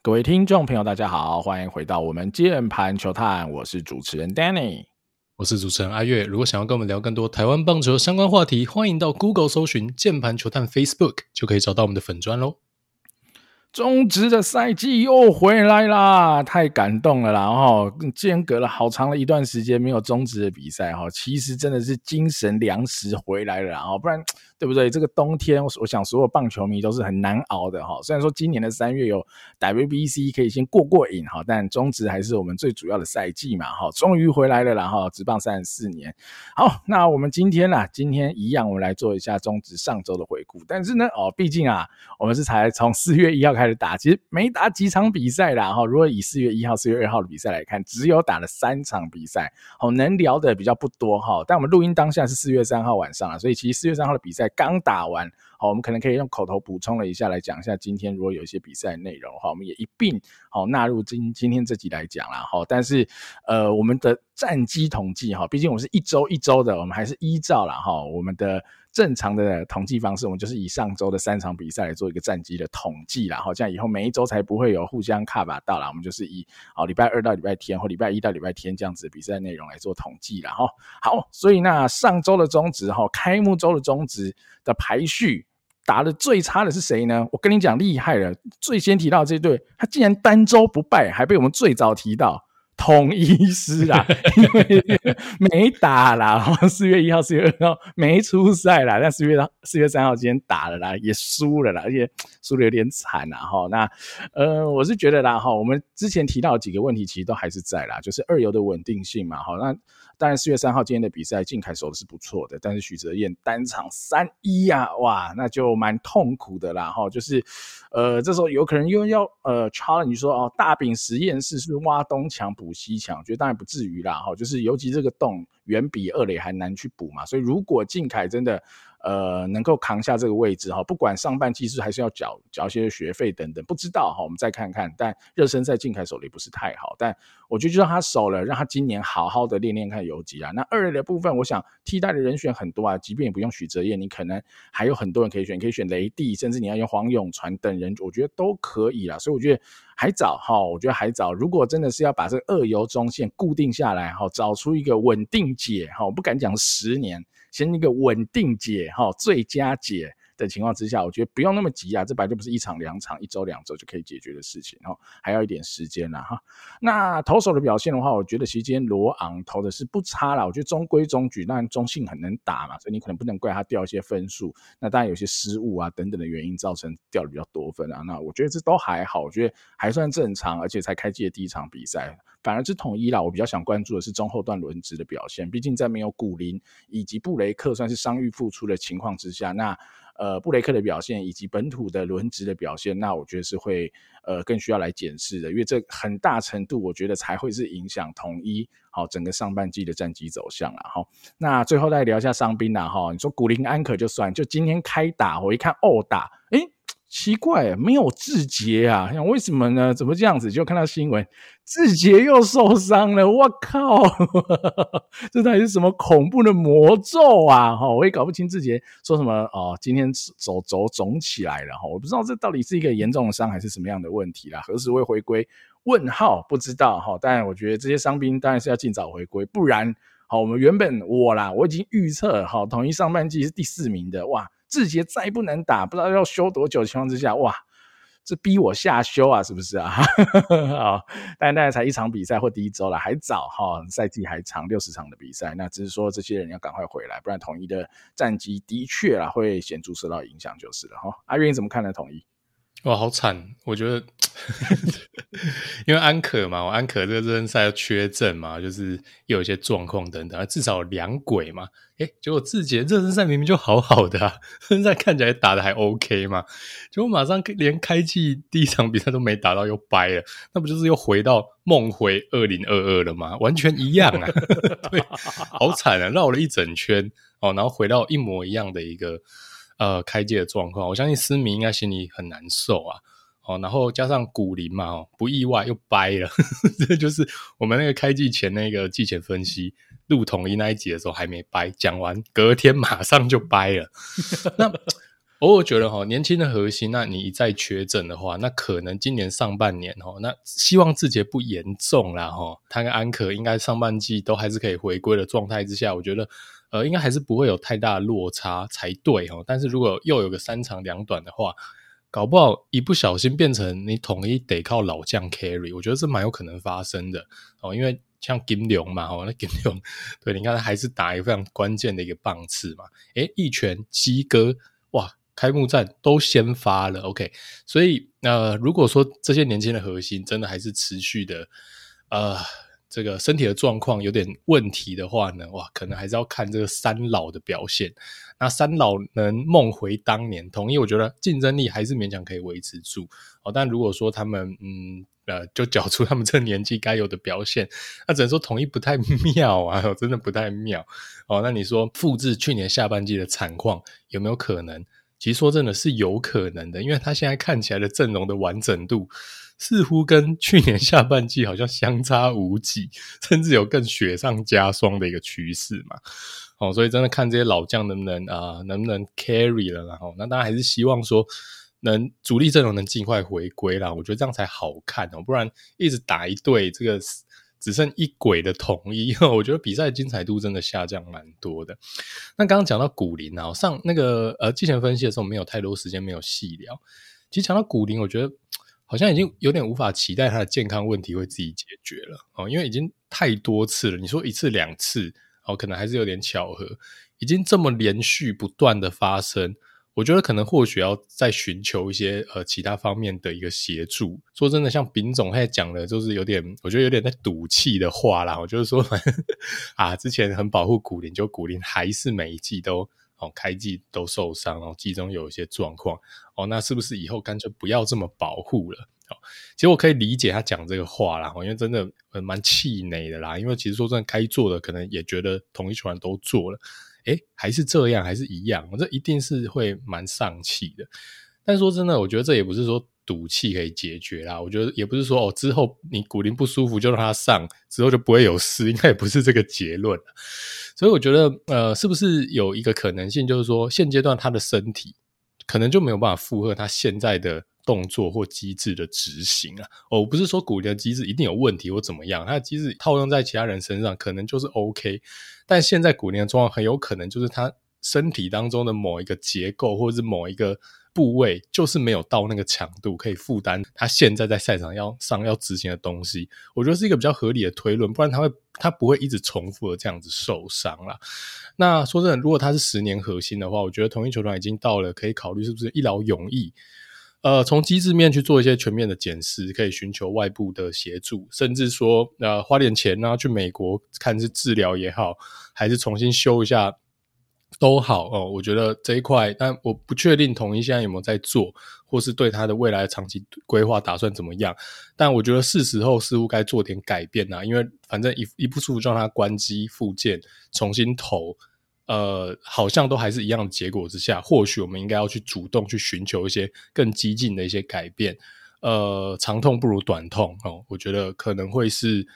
各位聽眾朋友，大家好，歡迎回到我們鍵盤球探，我是主持人 Danny，我是主持人阿月。如果想要跟我們聊更多台灣棒球相關話題，歡迎到 Google 搜尋鍵，鍵盤球探 Facebook 就可以找到我們的粉專嘍。中職的賽季又回來啦，太感動了啦！哈、哦，間隔了好長的一段時間沒有中職的比賽哈、哦，其實真的是精神糧食回來了，然、哦、不然。對不對？這個冬天，我想所有棒球迷都是很難熬的哈。雖然說今年的三月有 WBC 可以先過過癮哈，但中職還是我們最主要的賽季嘛哈。終於回來了啦，然後職棒三十四年。好，那我們今天呢？今天一樣，我們來做一下中職上周的回顧。但是呢，哦，畢竟啊，我們是才從四月一號開始打，其實沒打幾場比賽啦。哈。如果以四月一號、四月二號的比賽來看，只有打了三場比賽，好，能聊的比較不多哈。但我們錄音當下是四月三號晚上啊，所以其實四月三號的比賽。剛打完，好，我們可能可以用口頭補充了一下，來講一下今天如果有一些比賽內容的話，我們也一併好納入今天今天這集來講了哈。但是，呃，我們的戰績統計哈，畢竟我是一周一周的，我們還是依照了哈我們的。正常的統計方式，我們就是以上周的三場比賽來做一個戰績的統計啦。好，這樣以後每一周才不會有互相卡把到啦。我們就是以哦禮拜二到禮拜天，或禮拜一到禮拜天這樣子比賽內容來做統計啦。哈，好，所以那上周的總值哈，開幕周的總值的排序，打得最差的是誰呢？我跟你講厲害了，最先提到這一隊，他竟然單周不敗，還被我們最早提到。統一獅啦， 因為沒打啦，哈，四月一號、四月二號沒出賽啦。但四月四月三號今天打了啦，也輸了啦，而且輸的有點慘啦哈。那呃，我是覺得啦哈，我們之前提到的幾個問題，其實都還是在啦，就是二游的穩定性嘛。好，那當然四月三號今天的比賽，靖凱守的是不錯的，但是許哲彥單場三一呀、啊，哇，那就蠻痛苦的啦哈。就是呃，這時候有可能又要呃，challenge 了，你說哦，大餅實驗室是不是挖東牆補補西牆，覺得當然不至於啦，哈、哦，就是尤其這個洞遠比二壘還難去補嘛，所以如果靖凱真的，呃，能夠扛下這個位置，哈、哦，不管上半季是還是要繳繳些學費等等，不知道哈、哦，我們再看看。但熱身賽靖凱手裡不是太好，但。我就覺得就讓他守了，讓他今年好好的練練看游擊啊。那二壘的部分，我想替代的人選很多啊，即便也不用許哲業，你可能還有很多人可以選，可以選雷弟，甚至你要用黃永傳等人，我覺得都可以啦，所以我覺得還早哈，我覺得還早。如果真的是要把這個二游中線固定下來哈，找出一個穩定解哈，不敢講十年，先一個穩定解哈，最佳解。的情況之下，我覺得不用那麼急啊，這本來就不是一場兩場、一周兩周就可以解決的事情哦，還要一點時間啦哈。那投手的表現的話，我覺得期間羅昂投的是不差啦。我覺得中規中矩，但中信很能打嘛，所以你可能不能怪他掉一些分數。那當然有些失誤啊等等的原因造成掉的比較多分啊，那我覺得這都還好，我覺得還算正常，而且才開季的第一場比賽。反而是統一啦，我比較想關注的是中後段輪值的表現，畢竟在沒有古林以及布雷克算是傷愈復出的情況之下，那。呃，布雷克的表現以及本土的輪值的表現，那我覺得是會呃更需要來檢視的，因為這很大程度我覺得才會是影響統一好整個上半季的戰績走向了哈。那最後再聊一下傷兵啦。哈，你說古林安可就算，就今天開打我一看哦打誒、欸。奇怪，沒有智傑啊？想為什麼呢？怎麼這樣子就看到新聞，智傑又受傷了？我靠呵呵呵，這到底是什麼恐怖的魔咒啊？哈，我也搞不清智傑說什麼哦。今天手肘腫起來了哈，我不知道這到底是一個嚴重的傷還是什麼樣的問題啦？何時會回歸？問號，不知道哈。但我覺得這些傷兵當然是要盡早回歸，不然我們原本我啦，我已經預測哈，統一上半季是第四名的哇。字節再不能打，不知道要休多久的情況之下，哇，這逼我下修啊，是不是啊？好， 但那才一場比賽或第一周了，還早哈，賽季還長，六十場的比賽，那只是說這些人要趕快回來，不然統一的戰績的確啊會顯著受到影響，就是了哈。阿、啊、雲你怎麼看待統一？哇，好慘！我覺得， 因為安可嘛，我安可這個熱身賽要缺陣嘛，就是有一些狀況等等。至少兩鬼嘛，誒、欸，結果智傑熱身賽明明就好好的，啊，熱身賽看起來打得還 OK 嘛，結果馬上連開季第一場比賽都沒打到，又掰了，那不就是又回到夢回二零二二了嗎？完全一樣啊！ 對，好慘啊，繞了一整圈哦，然後回到一模一樣的一個。呃，開季的狀況，我相信思明應該心裡很難受啊、哦。然後加上古林嘛，哦、不意外又掰了呵呵。這就是我們那個開季前那個季前分析，錄統一那一集的時候還沒掰，講完隔天馬上就掰了。 那偶爾，哦，我覺得哈，年輕的核心，那你一再確診的話，那可能今年上半年哈、哦，那希望字節不嚴重啦哈、哦，他跟安可應該上半季都還是可以回歸的狀態之下，我覺得。呃，應該還是不會有太大的落差才對齁，但是如果又有個三長兩短的話，搞不好一不小心變成你統一得靠老將 carry，我覺得是蠻有可能發生的，因為像金龍嘛，哦，那金龍，對，你看他還是打一個非常關鍵的一個棒次嘛。哎、欸，一拳雞哥，哇，開幕戰都先發了，OK。所以，那、呃、如果說這些年輕的核心真的還是持續的，呃。這個身體的狀況有點問題的話呢，哇，可能還是要看這個三老的表現。那三老能夢回當年，統一我覺得競爭力還是勉強可以維持住。哦，但如果說他們，嗯呃，就繳出他們這個年紀該有的表現，那，啊，只能說統一不太妙啊，哦，真的不太妙哦。那你說複製去年下半季的慘況有沒有可能？其實說真的是有可能的，因為他現在看起來的陣容的完整度。似乎跟去年下半季好像相差無幾，甚至有更雪上加霜的一個趨勢嘛。哦，所以真的看這些老將能不能啊、呃，能不能 carry 了、哦？然後那當然還是希望說能主力陣容能盡快回歸啦。我覺得這樣才好看哦，不然一直打一隊，這個只剩一鬼的統一，我覺得比賽的精彩度真的下降蠻多的。那剛剛講到古林啊，上那個呃，季前分析的時候沒有太多時間沒有細聊。其實講到古林，我覺得。好像已經有點無法期待他的健康問題會自己解決了，哦，因為已經太多次了。你說一次兩次，哦，可能還是有點巧合。已經這麼連續不斷的發生，我覺得可能或許要再尋求一些，呃，其他方面的一個協助。說真的，像丙總在講的，就是有點，我覺得有點在賭氣的話啦。我就是說，呵呵，啊，之前很保護古林，就古林還是每一季都。哦，開季都受傷，然後季中有一些狀況，哦，那是不是以後乾脆不要這麼保護了？哦，其實我可以理解他講這個話啦，因為真的呃蠻氣餒的啦，因為其實說真的，該做的可能也覺得統一集團都做了，誒、欸，還是這樣，還是一樣，哦、這一定是會蠻喪氣的。但說真的，我覺得這也不是說。賭氣可以解決啦，我覺得也不是說哦，之後你古林不舒服就讓他上，之後就不會有事，應該也不是這個結論。所以我覺得，呃，是不是有一個可能性，就是說現階段他的身體可能就沒有辦法負荷他現在的動作或機制的執行啊？哦，不是說古林的機制一定有問題或怎麼樣，他的機制套用在其他人身上可能就是 OK，但現在古林的狀況很有可能就是他身體當中的某一個結構或者是某一個。部位就是沒有到那個強度可以負擔他現在在賽場要上要執行的東西，我覺得是一個比較合理的推論，不然他會他不會一直重複的這樣子受傷啦。那說真的，如果他是十年核心的話，我覺得統一球團已經到了可以考慮是不是一勞永逸。呃，從機制面去做一些全面的檢視，可以尋求外部的協助，甚至說呃花點錢呢、啊、去美國看是治療也好，還是重新修一下。都好哦，我覺得這一塊，但我不確定統一現在有沒有在做，或是對他的未來的長期規劃打算怎麼樣。但我覺得是時候似乎該做點改變啦，因為反正一一不舒服讓它關機復健重新投，呃，好像都還是一樣的結果之下，或許我們應該要去主動去尋求一些更激進的一些改變。呃，長痛不如短痛哦，我覺得可能會是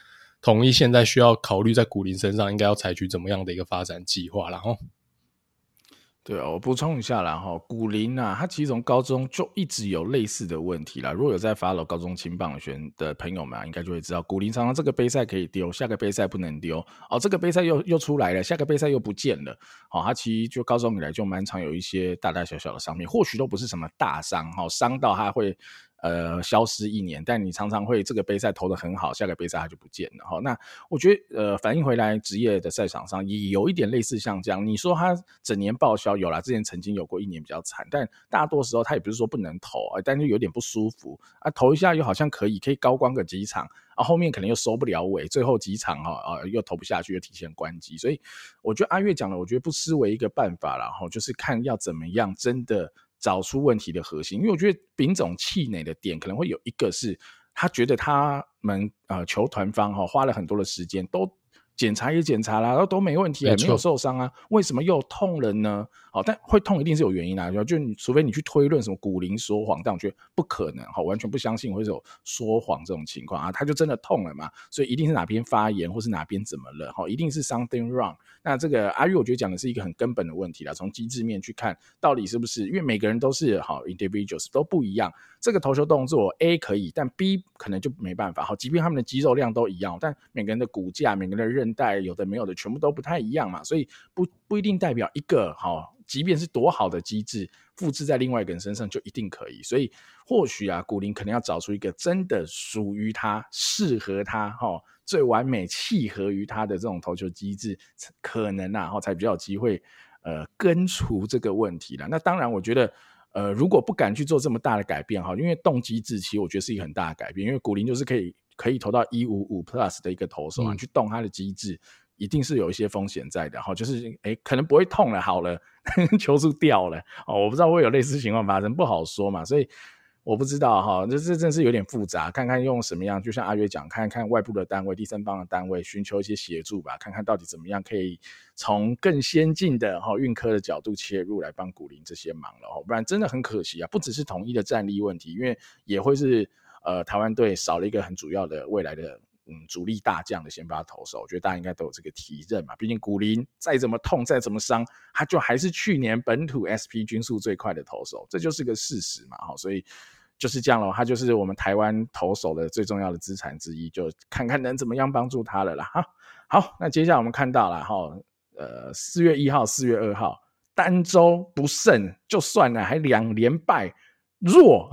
統一現在需要考慮在古林身上應該要採取怎麼樣的一個發展計劃啦，然後哦。對，我補充一下啦哈，古林吶、啊，他其實從高中就一直有類似的問題啦。如果有在 follow 高中青棒選的朋友們、啊，應該就會知道，古林常常這個杯賽可以丟，下個杯賽不能丟哦。這個杯賽又又出來了，下個杯賽又不見了。好、哦，他其實就高中以來就蠻常有一些大大小小的傷病，或許都不是什麼大傷，好、哦、傷到他會。呃，消失一年，但你常常會這個杯賽投得很好，下個杯賽他就不見了哈。那我覺得，呃，反應回來，職業的賽場上也有一點類似像這樣。你說他整年報銷有啦，之前曾經有過一年比較慘，但大多時候他也不是說不能投啊，但就有點不舒服啊，投一下又好像可以，可以高光個幾場，啊，後面可能又收不了尾，最後幾場哈啊，啊又投不下去，又提前關機。所以我覺得阿月講的，我覺得不失為一個辦法了哈，就是看要怎麼樣真的。找出問題的核心，因為我覺得平總氣餒的點可能會有一個是，他覺得他們呃球團方哈花了很多的時間都。檢查也檢查啦，然後都沒問題也、欸、沒錯，沒有受傷啊，為什麼又痛了呢？好、哦，但會痛一定是有原因啦、啊。就就你除非你去推論什麼骨齡說謊，但我覺得不可能，好、哦，完全不相信會有說謊這種情況啊，他就真的痛了嘛，所以一定是哪邊發炎或是哪邊怎麼了，好、哦，一定是 something wrong。那這個阿玉，我覺得講的是一個很根本的問題啦，從機制面去看，到底是不是？因為每個人都是好、哦、individuals 都不一樣，這個投球動作 A 可以，但 B 可能就沒辦法。好、哦，即便他們的肌肉量都一樣，但每個人的骨架、每個人的認識帶有的沒有的全部都不太一樣嘛，所以不不一定代表一個好，即便是多好的機製，複製在另外一個人身上就一定可以。所以或許啊，古林可能要找出一個真的屬於他、適合他哈、最完美契合於他的這種投球機制，可能啊，才比較有機會呃根除這個問題了。那當然，我覺得呃，如果不敢去做這麼大的改變哈，因為動機制其實我覺得是一個很大的改變，因為古林就是可以。可以投到一五五 plus 的一個投手啊，去動它的機制，一定是有一些風險在的哈。就是哎、欸，可能不會痛了，好了，球速掉了哦，我不知道會有類似情況發生，不好說嘛。所以我不知道哈，這這真的是有點複雜，看看用什麼樣，就像阿月講，看看外部的單位、第三方的單位，尋求一些協助吧，看看到底怎麼樣可以從更先進的哈運科的角度切入來幫古林這些忙了哦，不然真的很可惜啊，不只是統一的戰力問題，因為也會是。呃，台灣隊少了一個很主要的未來的嗯主力大將的先發投手，我覺得大家應該都有這個體認嘛。畢竟古林再怎麼痛，再怎麼傷，他就還是去年本土 SP 均速最快的投手，這就是個事實嘛、哦。所以就是這樣咯，他就是我們台灣投手的最重要的資產之一，就看看能怎麼樣幫助他了啦。哈、啊，好，那接下來我們看到了，然、哦、呃，四月一號、四月二號單周不勝就算了，還兩連敗。弱，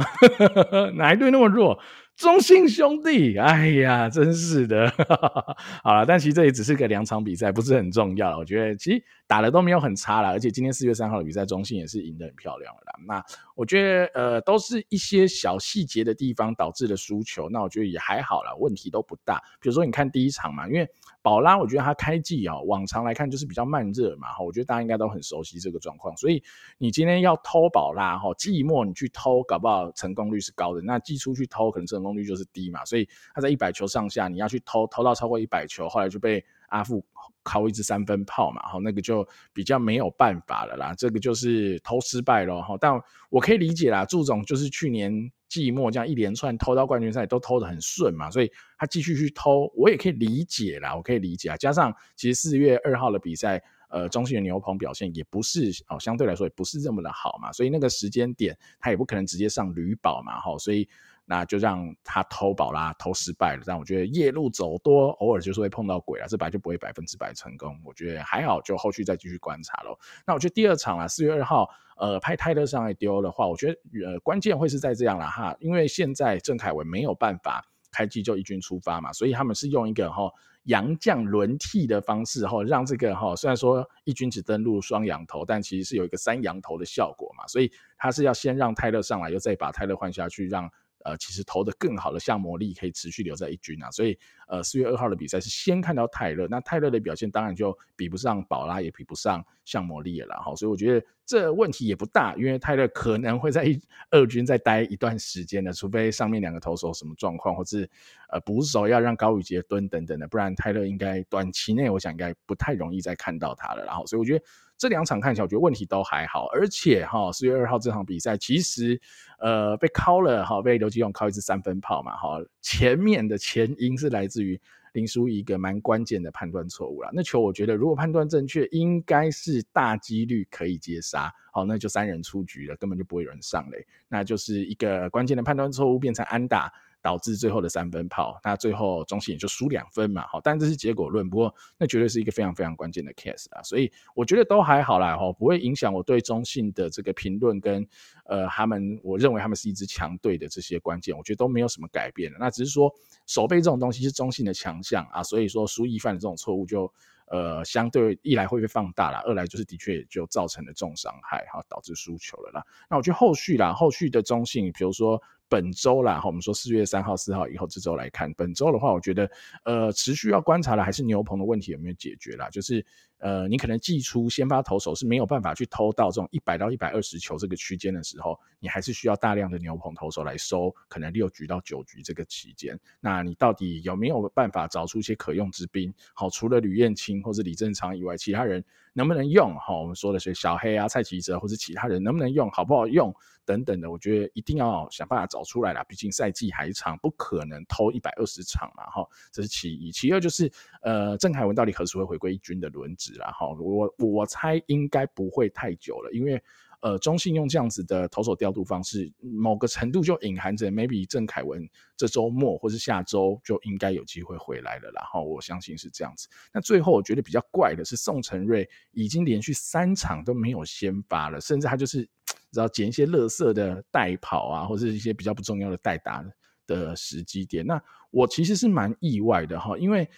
哪一隊那麼弱？中信兄弟，哎呀，真是的。 好了，但其實這也只是個兩場比賽，不是很重要。我覺得其實打得都沒有很差了，而且今天四月三號的比賽，中信也是贏得很漂亮了。那我覺得，呃，都是一些小細節的地方導致的輸球，那我覺得也還好了，問題都不大。比如說，你看第一場嘛，因為。寶拉，我覺得它開季啊，往常來看就是比較慢熱嘛。我覺得大家應該都很熟悉這個狀況，所以你今天要偷寶拉哈，季末你去偷，搞不好成功率是高的。那季初去偷，可能成功率就是低嘛。所以它在一百球上下，你要去偷，偷到超過一百球，後來就被阿富靠一支三分炮嘛，那個就比較沒有辦法了啦，這個就是偷失敗咯。但我可以理解啦，祝總就是去年季末這樣一連串偷到冠軍賽都偷得很順嘛，所以他繼續去偷，我也可以理解啦，我可以理解，加上其實四月二號的比賽，呃，中信的牛棚表現也不是哦，相對來說也不是這麼的好嘛，所以那個時間點他也不可能直接上鋁堡嘛，所以。那就讓他偷包啦，偷失敗了。但我覺得夜路走多，偶爾就是會碰到鬼了，這本來就不會百分之百成功。我覺得還好，就後續再繼續觀察咯。那我覺得第二場啊，四月二號，呃，派泰勒上來丟的話，我覺得呃，關鍵會是在這樣了哈，因為現在鄭凱文沒有辦法開季就一軍出發嘛，所以他們是用一個吼洋將輪替的方式哈，讓這個哈，雖然說一軍只登錄雙洋投，但其實是有一個三洋投的效果嘛，所以他是要先讓泰勒上來，又再把泰勒換下去讓。呃，其實投的更好的象魔力可以持續留在一軍啊，所以呃，四月二號的比賽是先看到泰勒，那泰勒的表現當然就比不上寶拉，也比不上象魔力了，好，所以我覺得。這問題也不大，因為泰勒可能會在二軍再待一段時間的，除非上面兩個投手什麼狀況，或是呃捕手要讓高宇杰蹲等等的，不然泰勒應該短期內我想應該不太容易再看到他了。然後，所以我覺得這兩場看起來我覺得問題都還好，而且哈四、哦、月二號這場比賽其實呃被尻了哈、哦、被劉基鴻尻一支三分炮嘛哈、哦，前面的前因是來自於。林書逸一個蠻關鍵的判斷錯誤了，那球我覺得如果判斷正確，應該是大幾率可以接殺，好、哦，那就三人出局了，根本就不會有人上嘞。那就是一個關鍵的判斷錯誤，變成安打。導致最後的三分炮，那最後中信也就輸兩分嘛，好，但這是結果論，不過那絕對是一個非常非常關鍵的 case 啦，啊，所以我覺得都還好啦，吼，不會影響我對中信的這個評論跟呃他們，我認為他們是一支強隊的這些關鍵，我覺得都沒有什麼改變的，那只是說守備這種東西是中信的強項啊，所以說輸一犯的這種錯誤就呃相對一來會被放大啦，二來就是的確就造成了重傷害，哈，導致輸球了啦，那我覺得後續啦，後續的中信，比如說。本周啦，我們說四月三號、四號以後，這周來看，本周的話，我覺得，呃，持續要觀察的還是牛棚的問題有沒有解決啦，就是。呃，你可能祭出先發投手是沒有辦法去偷到這種一百到一百二十球這個區間的時候，你還是需要大量的牛棚投手來收，可能六局到九局這個期間，那你到底有沒有辦法找出一些可用之兵？好，除了呂彥青或者李振昌以外，其他人能不能用？哈，我們說的是小黑啊、蔡齊哲或者其他人能不能用？好不好用？等等的，我覺得一定要想辦法找出來啦，畢竟賽季還長，不可能偷一百二十場嘛，哈，這是其一。其二就是，呃，鄭凱文到底何時會回歸一軍的輪值？然後我我猜應該不會太久了，因為呃，中信用這樣子的投手調度方式，某個程度就隱含着，maybe 鄭凱文這周末或是下周就應該有機會回來了。然後我相信是這樣子。那最後我覺得比較怪的是，宋晟睿已經連續三場都沒有先發了，甚至他就是然後撿一些垃圾的代跑啊，或者一些比較不重要的代打的時機點。那我其實是蠻意外的哈，因為。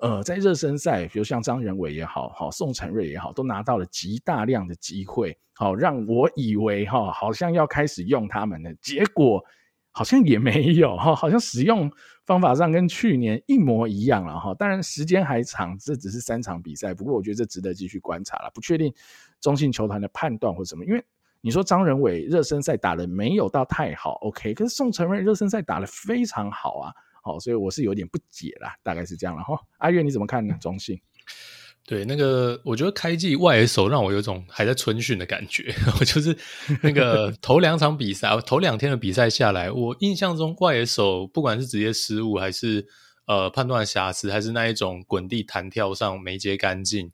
呃，在熱身賽，比如像張仁偉也好哈，宋晟睿也好，都拿到了極大量的機會，好讓我以為哈，好像要開始用他們了，結果好像也沒有哈，好像使用方法上跟去年一模一樣了哈。當然時間還長，這只是三場比賽，不過我覺得這值得繼續觀察了。不確定中信球團的判斷或什麼，因為你說張仁偉熱身賽打得沒有到太好，OK，可是宋晟睿熱身賽打得非常好啊。好、哦，所以我是有點不解啦，大概是這樣了哈、哦。阿月你怎麼看呢？中信？對，那個我覺得開季外野手讓我有種還在春訓的感覺， 就是那個頭兩場比賽， 頭兩天的比賽下來，我印象中外野手不管是直接失誤，還是呃判斷瑕疵，還是那一種滾地彈跳上沒接乾淨，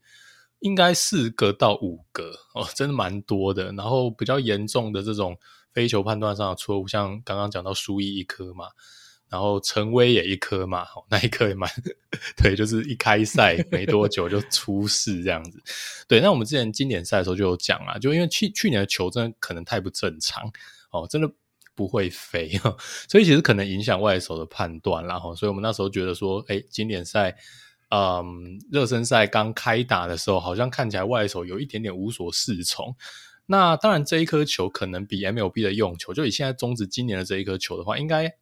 應該四個到五個哦，真的蠻多的。然後比較嚴重的這種飛球判斷上的錯誤，像剛剛講到輸一一顆嘛。然後陳威也一顆嘛，那一顆也蠻，對，就是一開賽沒多久就出事這樣子。 對，那我們之前經典賽的時候就有講啊，就因為去去年的球真的可能太不正常，哦，真的不會飛，哦、所以其實可能影響外手的判斷啦，然、哦、後，所以我們那時候覺得說，哎，經典賽，嗯，熱身賽剛開打的時候，好像看起來外手有一點點無所適從。那當然，這一顆球可能比 MLB 的用球，就以現在中職今年的這一顆球的話，應該。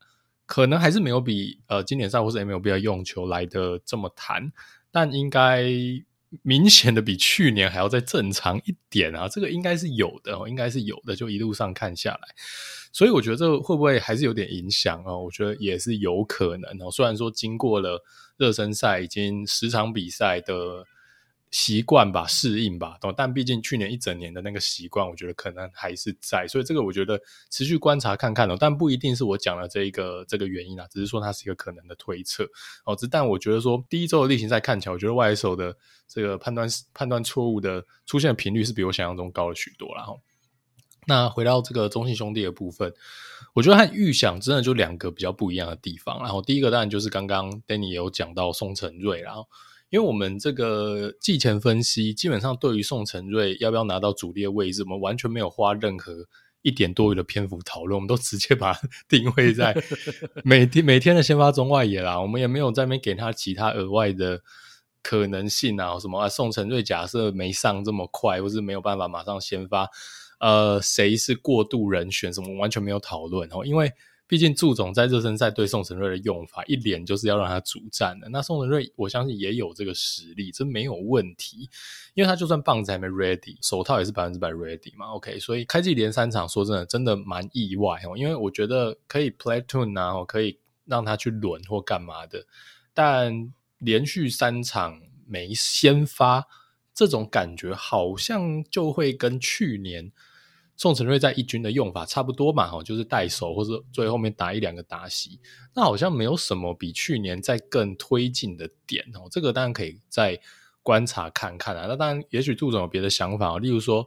可能還是沒有比呃，今年賽或是 MLB 用球來的這麼彈，但應該明顯的比去年還要再正常一點啊。這個應該是有的、哦，應該是有的。就一路上看下來，所以我覺得這會不會還是有點影響啊、哦？我覺得也是有可能哦。雖然說經過了熱身賽，已經十場比賽的。習慣吧，適應吧，懂。但畢竟去年一整年的那個習慣，我覺得可能還是在，所以這個我覺得持續觀察看看哦。但不一定是我講了這一個這個原因啊，只是說它是一個可能的推測哦。只但我覺得說第一周的例行賽看起來，我覺得外手的這個判斷判斷錯誤的出現的頻率是比我想象中高了許多啦。然、哦、後，那回到這個中信兄弟的部分，我覺得和預想真的就兩個比較不一樣的地方啦。然、哦、後第一個當然就是剛剛 Danny 有講到宋晟睿啦，然後。因為我們這個季前分析，基本上對於宋晟睿要不要拿到主力的位置，我們完全沒有花任何一點多餘的篇幅討論，我們都直接把它定位在每天每天的先發中外野啦。我們也沒有在那邊給他其他額外的可能性啊，什麼啊，宋晟睿假設沒上這麼快，或是沒有辦法馬上先發，呃，誰是過渡人選，什麼完全沒有討論，哦，因為。畢竟助總在熱身賽對宋晟睿的用法，一連就是要讓他主戰的。那宋晟睿我相信也有這個實力，這沒有問題，因為他就算棒子還沒 ready，手套也是百分之百 ready 嘛。OK，所以開季連三場，說真的，真的蠻意外，因為我覺得可以 platoon 啊，可以讓他去輪或幹嘛的，但連續三場沒先發，這種感覺好像就會跟去年。宋晟睿在一軍的用法差不多嘛，就是代守，或者最後面打一兩個打席，那好像沒有什麼比去年再更推進的點哦。這個當然可以再觀察看看啊。那當然，也許杜總有別的想法，例如說，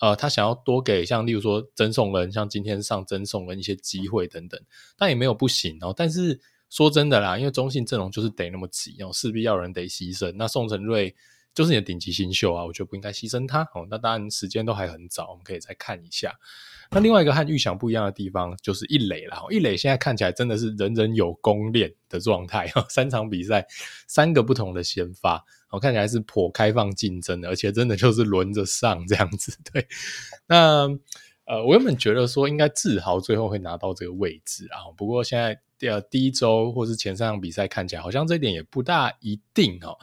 呃，他想要多給像例如說曾頌恩，像今天上曾頌恩一些機會等等，但也沒有不行哦。但是說真的啦，因為中信陣容就是得那麼擠，哦，勢必要有人得犧牲。那宋晟睿。就是你的頂級新秀啊，我覺得不應該犧牲他哦。那當然，時間都還很早，我們可以再看一下。那另外一個和預想不一樣的地方就是一壘了，哦。一壘現在看起來真的是人人有功練的狀態，哦。三場比賽，三個不同的先發，哦，看起來是頗開放競爭的，而且真的就是輪着上這樣子。對，那呃，我原本覺得說應該志豪最後會拿到這個位置啊，不過現在二、第一週或是前三場比賽看起來好像這一點也不大一定哦。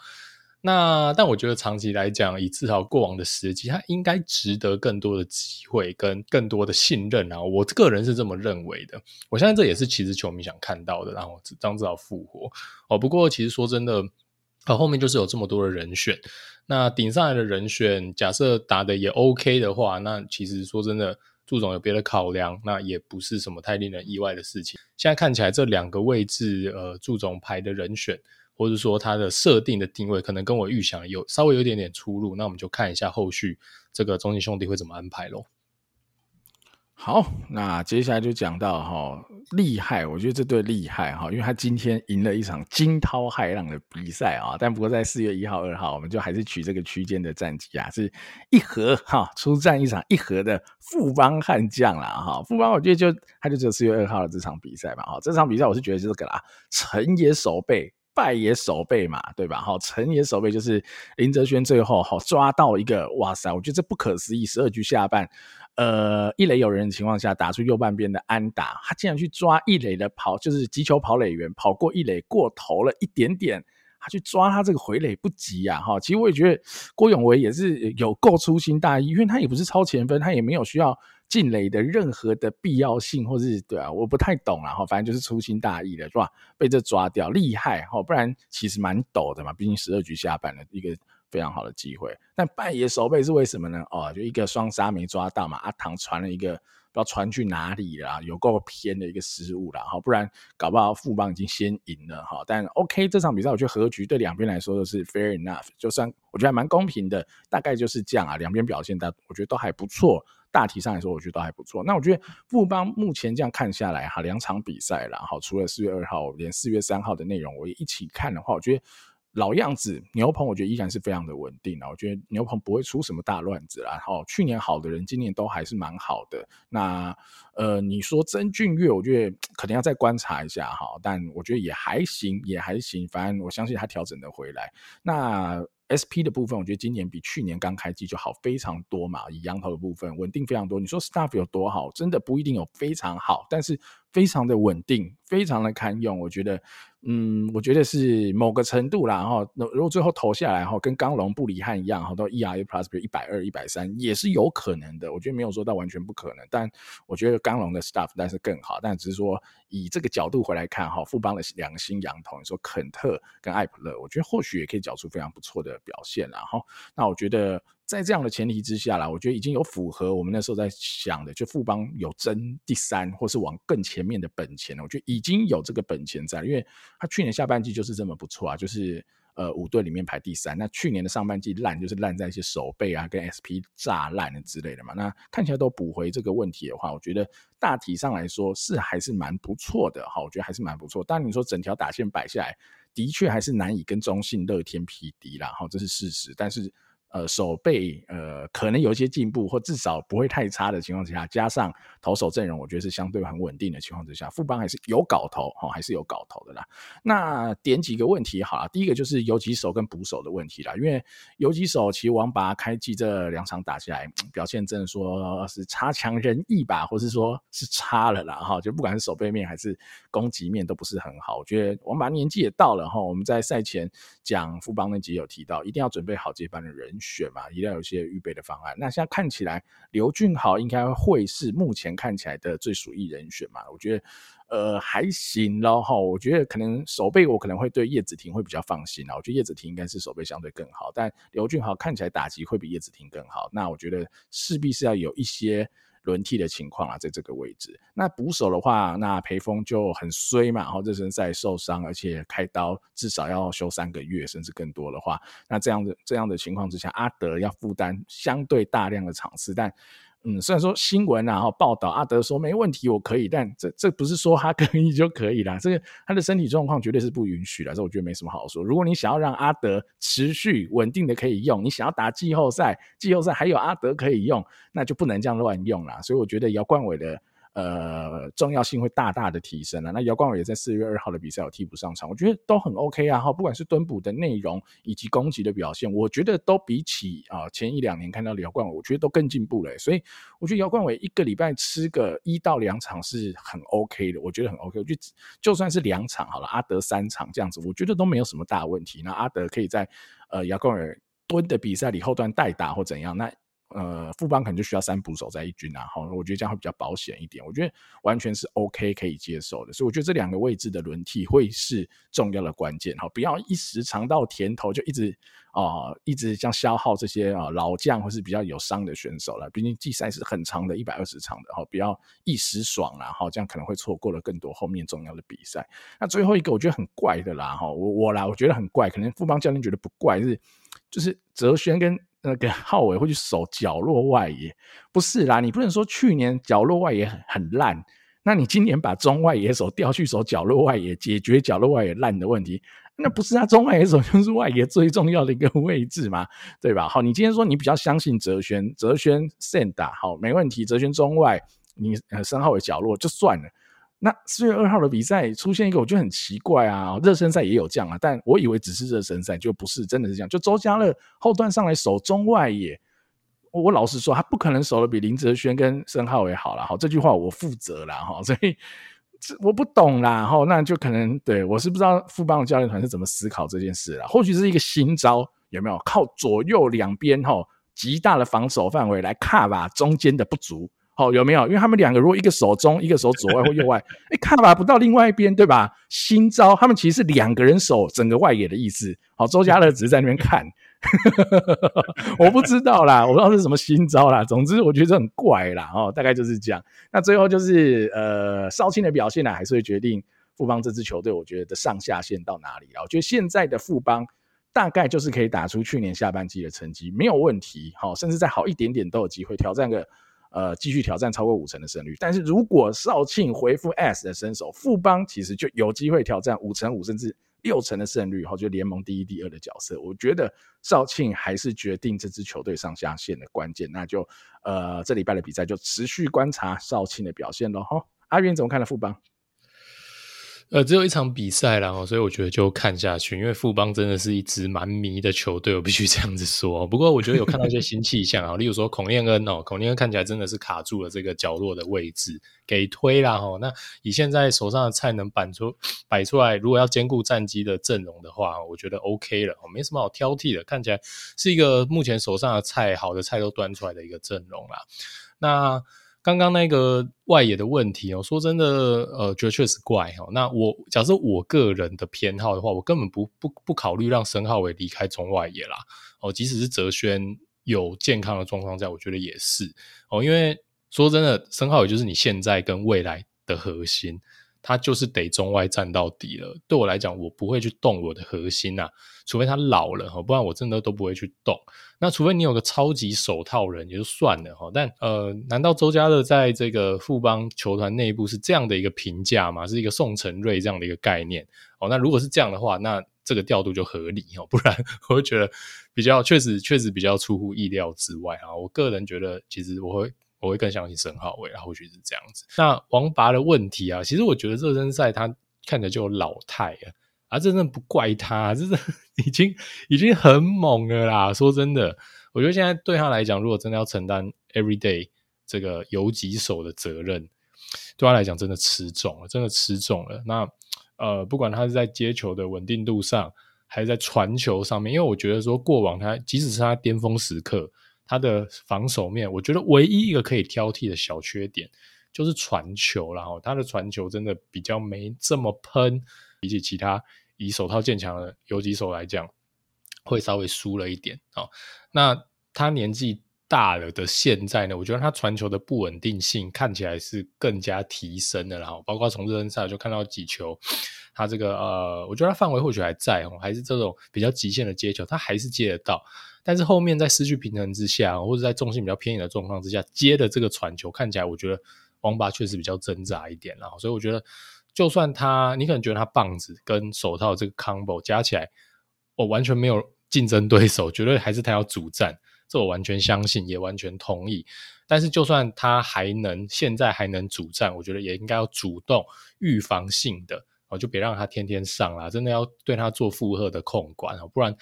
那但我覺得長期來講，以至少過往的時機，他應該值得更多的機會跟更多的信任啊！我個人是這麼認為的。我相信這也是其實球迷想看到的，然後張指導復活哦。不過其實說真的，啊、呃、後面就是有這麼多的人選，那頂上來的人選，假設打的也 OK 的話，那其實說真的，祝總有別的考量，那也不是什麼太令人意外的事情。現在看起來這兩個位置，呃，祝總排的人選。或者說它的設定的定位可能跟我預想有稍微有一點點出入，那我們就看一下後續這個中信兄弟會怎麼安排咯。好，那接下來就講到哈厲害，我覺得這隊厲害哈，因為他今天贏了一場驚濤駭浪的比賽啊，但不過在四月一號、二號，我們就還是取這個區間的戰績啊，是一和哈出戰一場一和的富邦悍將啦。哈，富邦我覺得就他就只有四月二號的這場比賽嘛，這場比賽我是覺得就是這個啦，成也守備。敗也守備嘛，對吧？好，成也守備就是林哲瑄最後好抓到一個哇塞，我覺得這不可思議。十二局下半，呃，一壘有人的情況下，打出右半邊的安打，他竟然去抓一壘的跑，就是擊球跑壘員跑過一壘過頭了一點點，他去抓他這個回壘不及呀！哈，其實我也覺得郭永維也是有夠粗心大意，因為他也不是超前分，他也沒有需要。進壘的任何的必要性，或是對啊，我不太懂啊，哈，反正就是粗心大意的，是吧？被這抓掉，厲害哈，不然其實蠻抖的嘛，畢竟十二局下半的一個非常好的機會。但半野守備是為什麼呢？哦，就一個雙殺沒抓到嘛，阿唐傳了一個。要傳去哪裡啦，有夠偏的一個失誤啦。哈，不然搞不好富邦已經先贏了哈。但 OK 這場比賽，我覺得和局對兩邊來說都是 fair enough，就算我覺得還蠻公平的。大概就是這樣啊，兩邊表現，大我覺得都還不錯。大體上來說，我覺得都還不錯。那我覺得富邦目前這樣看下來哈，兩場比賽啦。哈，好，除了四月二號，連四月三號的內容我也一起看的話，我覺得。老樣子，牛棚我覺得依然是非常的穩定啊，我覺得牛棚不會出什麼大亂子啦。然後，哦，去年好的人，今年都還是蠻好的。那呃，你說曾俊月，我覺得可能要再觀察一下哈，但我覺得也還行，也還行，反正我相信他調整得回來。那 SP 的部分，我覺得今年比去年剛開季就好非常多嘛，以洋投的部分穩定非常多。你說 staff 有多好，真的不一定有非常好，但是。非常的穩定，非常的堪用。我覺得，嗯，我覺得是某個程度啦。然、哦、後，那如果最後投下來，哈、哦，跟鋼龍不離漢一樣，哈、哦，都 E R A plus 比一百二、一百三也是有可能的。我覺得沒有說到完全不可能，但我覺得鋼龍的 stuff 但是更好。但只是說以這個角度回來看，哈、哦，富邦的兩個新洋投，你說肯特跟艾普勒，我覺得或許也可以找出非常不錯的表現啦。然、哦、後，那我覺得。在這樣的前提之下啦，我覺得已經有符合我們那時候在想的，就富邦有爭第三，或是往更前面的本錢了。我覺得已經有這個本錢在，因為他去年下半季就是這麼不錯啊，就是呃五隊裡面排第三。那去年的上半季爛就是爛在一些守備啊跟 SP 炸爛的之類的嘛。那看起來都補回這個問題的話，我覺得大體上來說是還是蠻不錯的。哈。我覺得還是蠻不錯。當然你說整條打線擺下來，的確還是難以跟中信、樂天匹敵啦。哈，這是事實。但是呃，守備呃，可能有一些進步，或至少不會太差的情況之下，加上投手陣容，我覺得是相對很穩定的情況之下，富邦還是有搞頭，哈，還是有搞頭的啦。那點幾個問題好了，第一個就是游擊手跟捕手的問題啦，因為游擊手其實王拔開季這兩場打下來，呃，表現真的說是差強人意吧，或是說是差了啦，哈，就不管是守備面還是攻擊面，都不是很好。我覺得王拔年紀也到了，哈，我們在賽前講富邦那集有提到，一定要準備好接班的人選。選嘛，一定要有些預備的方案。那現在看起來，劉俊豪應該會是目前看起來的最屬意人選嘛？我覺得，呃，還行嘍哈。我覺得可能守備我可能會對葉子霆會比較放心啊。我覺得葉子霆應該是守備相對更好，但劉俊豪看起來打擊會比葉子霆更好。那我覺得勢必是要有一些。輪替的情況啊，在這個位置，那捕手的話，那培峰就很衰嘛，然後熱身賽受傷，而且開刀至少要休三個月，甚至更多的話，那這樣的這樣的情況之下，阿德要負擔相對大量的場次，但。嗯，雖然說新聞啊，哈報道阿德說沒問題，我可以，但這這不是說他可以就可以了，這個他的身體狀況絕對是不允許的，這我覺得沒什麼好說。如果你想要讓阿德持續穩定的可以用，你想要打季後賽，季後賽還有阿德可以用，那就不能這樣亂用啦，所以我覺得姚冠偉的。呃，重要性會大大的提升了、啊。那姚冠偉也在四月二號的比賽有替補上場，我覺得都很 OK 啊。哈，不管是蹲捕的內容以及攻擊的表現，我覺得都比起啊、呃、前一兩年看到的姚冠偉，我覺得都更進步了、欸。所以我覺得姚冠偉一個禮拜吃個一到兩場是很 OK 的，我覺得很 OK。就就算是兩場好了，阿德三場這樣子，我覺得都沒有什麼大問題。那阿德可以在呃姚冠偉蹲的比賽裡後段代打或怎樣？那。呃，富邦可能就需要三捕手在一軍然、啊、後、哦，我覺得這樣會比較保險一點。我覺得完全是 OK 可以接受的，所以我覺得這兩個位置的輪替會是重要的關鍵。好、哦，不要一時嘗到甜頭就一直啊、呃、一直像消耗這些啊、哦、老將或是比較有傷的選手了，畢竟季賽是很長的，一百二十場的，好、哦，不要一時爽然後、哦、這樣可能會錯過了更多後面重要的比賽。那最後一個我覺得很怪的啦，哈、哦，我我啦，我覺得很怪，可能富邦教練覺得不怪，是就是哲瑄跟。那個浩偉會去守角落外野，不是啦。你不能說去年角落外野很很爛，那你今年把中外野手調去守角落外野，解決角落外野爛的問題，那不是啊？中外野手就是外野最重要的一個位置嘛，對吧？好，你今天說你比較相信哲軒，哲軒先打好，沒問題。哲軒中外你呃，身後為角落就算了。那四月二號的比賽出現一個，我覺得很奇怪啊！熱身賽也有這樣啊，但我以為只是熱身賽，就不是真的是這樣。就周家樂後段上來守中外野，我老實說，他不可能守得比林哲瑄跟申皓瑋好了，好這句話我負責了哈，所以這我不懂啦，哈，那就可能對我是不知道富邦的教練團是怎麼思考這件事了，或許是一個新招，有沒有靠左右兩邊哈極大的防守範圍來 cover 中間的不足。好，有沒有？因為他們兩個如果一個守中，一個守左外或右外，哎、 欸，看吧，不到另外一邊，對吧？新招，他們其實是兩個人守整個外野的意思。好，周家樂只是在那邊看， 我不知道啦，我不知道是什麼新招啦。總之，我覺得很怪啦。哦，大概就是這樣。那最後就是呃，少卿的表現呢、啊，還是會決定富邦這支球隊，我覺得的上下限到哪裡啊？我覺得現在的富邦大概就是可以打出去年下半季的成績，沒有問題。好，哦，甚至再好一點點都有機會挑戰個。呃，繼續挑戰超過五成的勝率，但是如果少慶回復 S 的身手，富邦其實就有機會挑戰五成五甚至六成的勝率，然後就聯盟第一、第二的角色。我覺得少慶還是決定這支球隊上下線的關鍵，那就呃這禮拜的比賽就持續觀察少慶的表現咯。哈，阿雲怎麼看的富邦？呃，只有一場比賽然後，所以我覺得就看下去，因為富邦真的是一支蠻迷的球隊，我必須這樣子說。不過我覺得有看到一些新氣象啊， 例如說孔念恩哦，孔念恩看起來真的是卡住了這個角落的位置，給推了哈。那以現在手上的菜能擺出擺出來，如果要兼顧戰績的陣容的話，我覺得 OK 了，沒什麼好挑剔的。看起來是一個目前手上的菜好的菜都端出來的一個陣容啦那。剛剛那個外野的問題哦，說真的，呃，覺得確實怪。哦，那我假設我個人的偏好的話，我根本不，不，不考慮讓申皓瑋離開中外野啦。哦，即使是哲瑄有健康的狀況在，我覺得也是。哦，因為說真的，申皓瑋就是你現在跟未來的核心。他就是得中外站到底了。對我來講，我不會去動我的核心啊，除非他老了、哦、不然我真的都不會去動。那除非你有個超級手套人也就算了、哦、但呃，難道周家樂在這個富邦球團內部是這樣的一個評價嗎？是一個宋晟睿這樣的一個概念哦？那如果是這樣的話，那這個調度就合理、哦、不然我會覺得比較確實，確實比較出乎意料之外啊。我個人覺得，其實我會。我會更相信申皓瑋啊，或許是這樣子。那王拔的問題啊，其實我覺得熱身賽他看着就老態了，而、啊、真的不怪他，這是已經已經很猛了啦。說真的，我覺得現在對他來講，如果真的要承擔 every day 這個游擊手的責任，對他來講真的吃重了，真的吃重了。那呃，不管他是在接球的穩定度上，還是在傳球上面，因為我覺得說過往他，即使是他巔峰時刻。他的防守面，我覺得唯一一個可以挑剔的小缺點就是傳球，然後他的傳球真的比較沒這麼噴，比起其他以手套見強的游擊手來講，會稍微輸了一點啊、哦。那他年紀大了的現在呢，我覺得他傳球的不穩定性看起來是更加提升的，然後包括從熱身賽就看到幾球，他這個呃，我覺得他範圍或許還在哈，還是這種比較極限的接球，他還是接得到。但是後面在失去平衡之下，或者在重心比較偏移的狀況之下接的這個傳球，看起來我覺得王八確實比較掙扎一點了。所以我覺得，就算他你可能覺得他棒子跟手套的這個 combo 加起來，我完全沒有競爭對手，覺得還是他要主戰，這我完全相信也完全同意。但是就算他還能現在還能主戰，我覺得也應該要主動預防性的。哦，就別讓他天天上了，真的要對他做負荷的控管哦、喔。不然，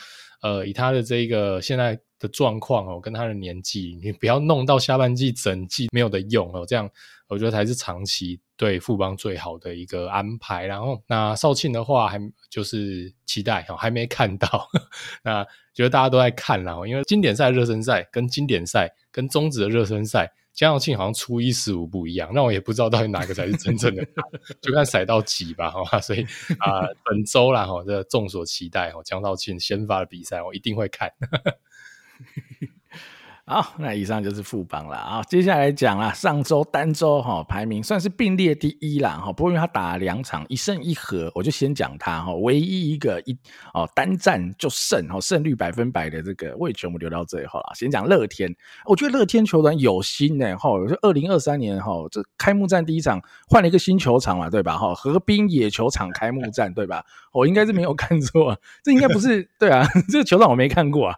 呃，以他的這個現在的狀況哦，跟他的年紀，你不要弄到下半季，整季沒有得用哦、喔，這樣我覺得才是長期對富邦最好的一個安排。然、哦、後那少慶的話，還就是期待哦、喔，還沒看到， 那覺得大家都在看了，喔，因為經典賽熱身賽跟經典賽跟中職的熱身賽。江道慶好像初一十五不一樣，那我也不知道到底哪個才是真正的。 就看骰到幾吧，好吧。所以啊、呃，本周啦，哈、哦，這眾、個、所期待哈，江少慶先發的比賽，我一定會看。 好，那以上就是富邦了啊。接下來講啦，上周單周哈排名算是並列第一啦哈。不過因為他打兩場一勝一和，我就先講他哈。唯一一個一哦單戰就勝哈勝率百分百的這個，我也全部留到最後了。先講樂天，我覺得樂天球團有心呢哈。有時候二零二三年哈這開幕戰第一場換了一個新球場了，對吧哈？河濱野球場開幕戰 對吧？我應該是沒有看錯，啊，這應該不是 對啊？這個球場我沒看過啊。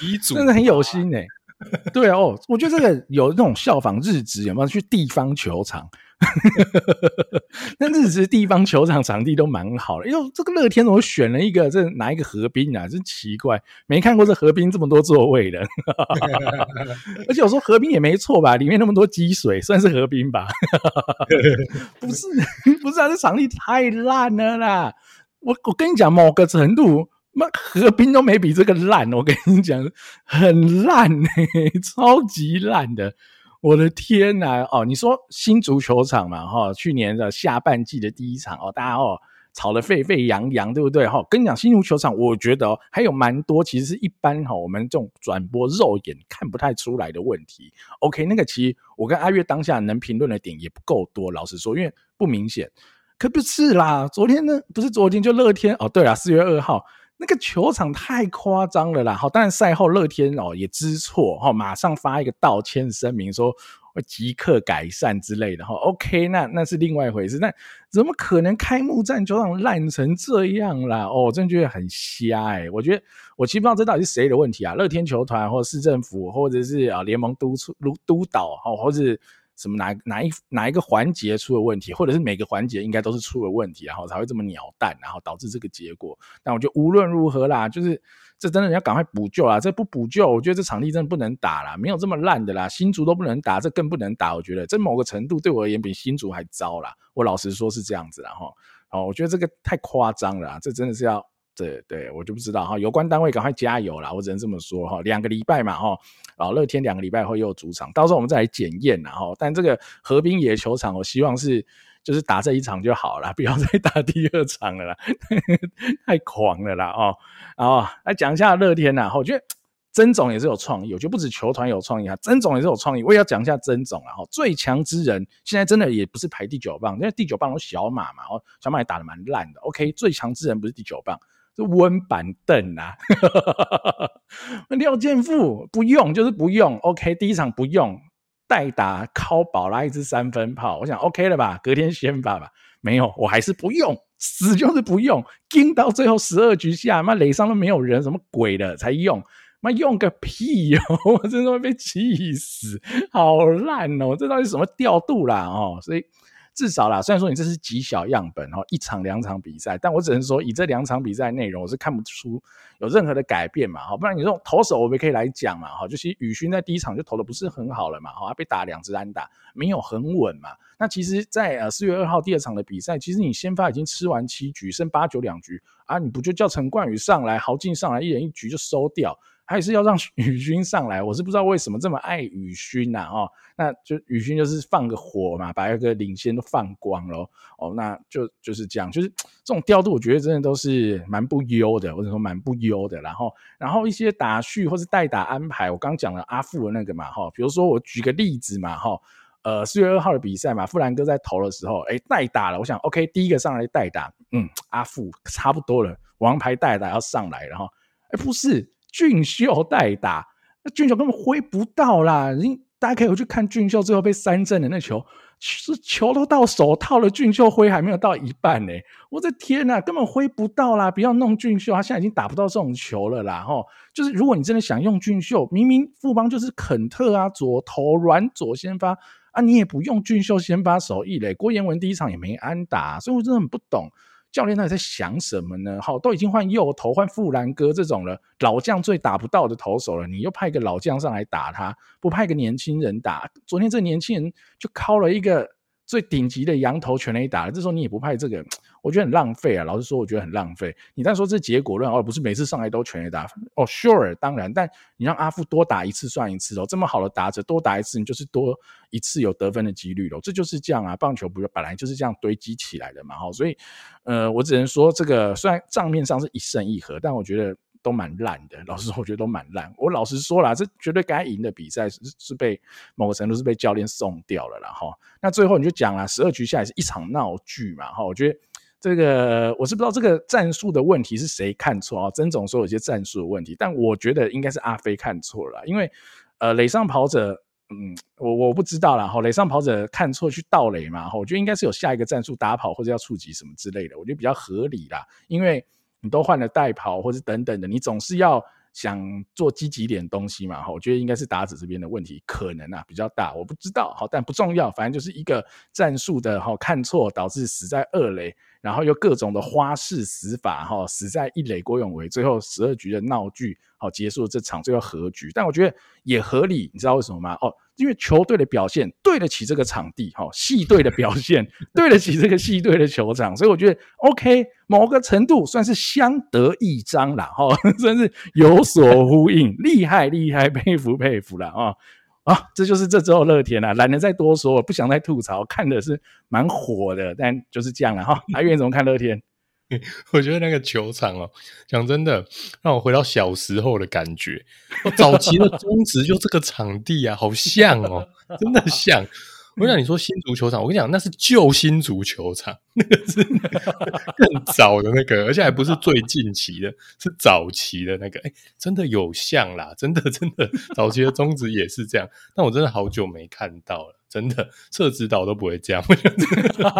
遺 囑 但是很有。有心呢、欸，對哦、啊，我覺得這個有那種效仿日職，有沒有去地方球場？ 那日職地方球場場地都蠻好的，哎呦，這個樂天怎麼選了一個這哪一個河濱啊，真奇怪，沒看過這河濱這麼多座位的。 而且我說河濱也沒錯吧，裡面那麼多積水，算是河濱吧？ 不是，不是啊，這場地太爛了啦！我我跟你講，某個程度。媽，和平都沒比這個爛，我跟你講，很爛、欸、超級爛的，我的天吶、啊！哦，你說新竹球場嘛，哈、哦，去年的下半季的第一場哦，大家哦吵得沸沸揚揚，對不對？哈、哦，跟你講新竹球場，我覺得哦，還有蠻多其實是一般哈、哦，我們這種轉播肉眼看不太出來的問題。OK，那個其實我跟阿月當下能評論的點也不夠多，老實說，因為不明顯。可不是啦，昨天呢，不是昨天就樂天哦，對啦、啊、四月二號。那個球場太誇張了啦！好、哦，當然賽後樂天哦也知錯哈、哦，馬上發一個道歉聲明，說會即刻改善之類的哈、哦。OK，那那是另外一回事，那怎麼可能開幕戰球場爛成這樣啦？哦，我真覺得很瞎、欸、我覺得我其實不知道這到底是誰的問題啊？樂天球團，或者市政府，或者是啊聯盟督促督督導哈、哦，或者。什麼哪哪一哪一個環節出了問題，或者是每個環節應該都是出了問題，然後才會這麼鳥蛋，然後導致這個結果。但我覺得無論如何啦，就是這真的你要趕快補救啊！這不補救，我覺得這場地真的不能打了，沒有這麼爛的啦。新竹都不能打，這更不能打。我覺得這某個程度對我而言比新竹還糟啦。我老實說是這樣子，然後哦，我覺得這個太誇張了啦，這真的是要。對對，我就不知道哈，有關單位趕快加油啦，我只能這麼說哈。兩個禮拜嘛哈，啊，樂天兩個禮拜後又有主場，到時候我們再來檢驗然後。但這個河濱野球場，我希望是就是打這一場就好了，不要再打第二場了啦， 太狂了啦哦。然後來講一下樂天啦，我覺得曾總也是有創意，我覺得不止球團有創意啊，曾總也是有創意。我也要講一下曾總啊，哈，最強之人現在真的也不是排第九棒，因為第九棒是小馬嘛，小馬也打得蠻爛的。OK，最強之人不是第九棒。溫板凳啊， 廖健富不用，就是不用。OK，第一場不用，代打靠寶拉一支三分炮，我想 OK 了吧？隔天先發吧，吧，沒有，我還是不用，死就是不用。撐到最後十二局下，那壘上都沒有人，什麼鬼的才用？那用個屁喲、哦！我真的會被氣死，好爛哦！這到底什麼調度啦？哦，所以。至少啦，雖然說你這是極小樣本哦，一場兩場比賽，但我只能說以這兩場比賽內容，我是看不出有任何的改變嘛，不然你這種投手我們可以來講嘛，好，就是宇勳在第一場就投得不是很好了嘛，好、啊，被打兩支安打，沒有很穩嘛，那其實，在呃四月二號第二場的比賽，其實你先發已經吃完七局，剩八九兩局啊，你不就叫陳冠宇上來，豪進上來，一人一局就收掉。還是要讓雨勳上來，我是不知道為什麼這麼愛雨勳吶、啊！哦，那就雨勳就是放個火嘛，把那個領先都放光了。哦，那就就是這樣，就是這種調度，我覺得真的都是蠻不優的，或者說蠻不優的。然後，然後一些打序或是代打安排，我剛，剛講了阿富的那個嘛，哈、哦，比如說我舉個例子嘛，哈，呃，四月二號的比賽嘛，富蘭哥在投的時候，哎，代打了，我想，OK，第一個上來代打，嗯，阿富差不多了，王牌代打要上來，然後，哎，不是。俊秀代打，那俊秀根本揮不到啦！大家可以回去看俊秀最後被三振的那球，是球都到手套了，俊秀揮還沒有到一半呢、欸。我的天吶、啊，根本揮不到啦！不要弄俊秀，他現在已經打不到這種球了啦。吼，就是如果你真的想用俊秀，明明富邦就是肯特啊，左投軟左先發啊，你也不用俊秀先發手藝嘞。郭彥文第一場也沒安打、啊，所以我真的很不懂。教練到底在想什麼呢？好，都已經換右投，換富蘭哥這種了，老將最打不到的投手了，你又派一個老將上來打他，不派個年輕人打。昨天這年輕人就靠了一個。最頂級的羊頭全壘打了，這時候你也不派這個，我覺得很浪費啊。老實說，我覺得很浪費。你再說這結果論，而、哦、不是每次上來都全壘打。哦，Sure，當然。但你讓阿富多打一次算一次哦。這麼好的打者多打一次，你就是多一次有得分的幾率嘍、哦。這就是這樣啊，棒球不就本來就是這樣堆積起來的嘛？所以呃，我只能說這個雖然賬面上是一勝一和，但我覺得。都蠻爛的，老實說，我覺得都蠻爛。我老實說啦，這絕對該贏的比賽是是被某個程度是被教練送掉了啦哈。那最後你就講啦，十二局下來是一場鬧劇嘛哈？我覺得這個我是不知道這個戰術的問題是誰看錯啊？曾總說有些戰術的問題，但我覺得應該是阿飛看錯了，因為呃，壘上跑者，嗯，我我不知道啦哈。壘上跑者看錯去盜壘嘛哈？我覺得應該是有下一個戰術打跑，或者要觸擊什麼之類的，我覺得比較合理啦，因為。你都換了代跑，或者等等的，你總是要想做積極點東西嘛？哈，我覺得應該是打子這邊的問題，可能啊比較大，我不知道哈，但不重要，反正就是一個戰術的哈看錯，導致死在二壘，然後又各種的花式死法哈，死在一壘郭永維，最後十二局的鬧劇，好結束這場，最後和局，但我覺得也合理，你知道為什麼嗎？哦。因為球隊的表現對得起這個場地哈，系隊的表現對得起這個系隊的球場，所以我覺得 OK，某個程度算是相得益彰了哈、哦，真是有所呼應， 厲害厲害，佩服佩服了啊、哦、啊！這就是這周樂天啊，懶得再多說了，不想再吐槽，看的是蠻火的，但就是這樣了、啊、哈。大家、啊、願意怎麼看樂天？我覺得那個球場哦，講真的，讓我回到小時候的感覺。哦、早期的中職就這個場地啊，好像哦，真的像。我想你說新竹球場，我跟你講那是舊新竹球場，那個是更早的那個，而且還不是最近期的，是早期的那個。哎，真的有像啦，真的真的，早期的中職也是這樣。但我真的好久沒看到了。真的，撤指導我都不會這樣。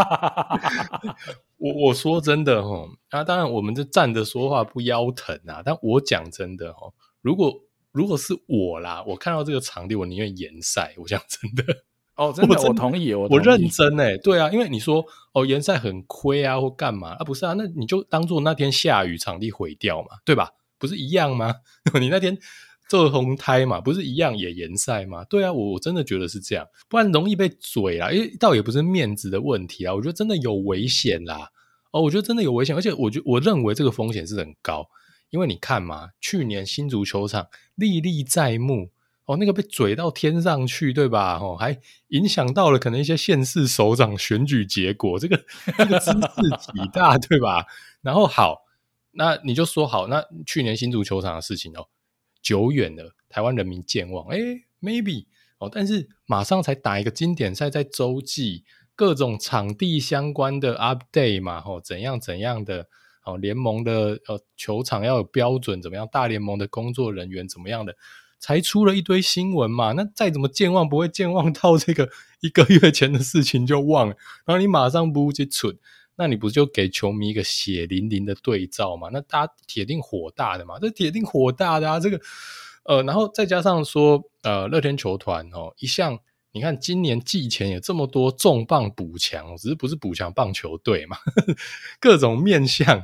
我 我，我說真的齁，啊，當然我們這站着說話不腰疼啊，但我講真的齁，如果如果是我啦，我看到這個場地我寧願，我寧願延賽。我講真的，哦，真的，我，真的我同意，我意我認真誒、欸、對啊，因為你說哦，延賽很虧啊，或幹嘛啊？不是啊，那你就當做那天下雨，場地毀掉嘛，對吧？不是一樣嗎？ 你那天。做紅胎嘛，不是一樣也延賽嗎？對啊我，我真的覺得是這樣，不然容易被嘴啦。因為倒也不是面子的問題啊，我覺得真的有危險啦。哦，我覺得真的有危險，而且我覺得我認為這個風險是很高，因為你看嘛，去年新竹球場歷歷在目哦，那個被嘴到天上去，對吧？哦，還影響到了可能一些縣市首長選舉結果，這個這個姿字極大， 對吧？然後好，那你就說好，那去年新竹球場的事情哦。久遠了，台灣人民健忘，哎、欸、，maybe、哦、但是馬上才打一個經典賽，在洲際各種場地相關的 update 嘛、哦，怎樣怎樣的，哦，聯盟的、呃、球場要有標準，怎麼樣，大聯盟的工作人員怎麼樣的，才出了一堆新聞嘛，那再怎麼健忘，不會健忘到這個一個月前的事情就忘了，然後你馬上不去蠢？那你不就給球迷一個血淋淋的對照嘛，那大家鐵定火大的嘛，這鐵定火大的啊！這個，呃，然後再加上說，呃，樂天球團哦，一向你看今年季前有這麼多重磅補強，只是不是補強棒球隊嘛，呵呵各種面向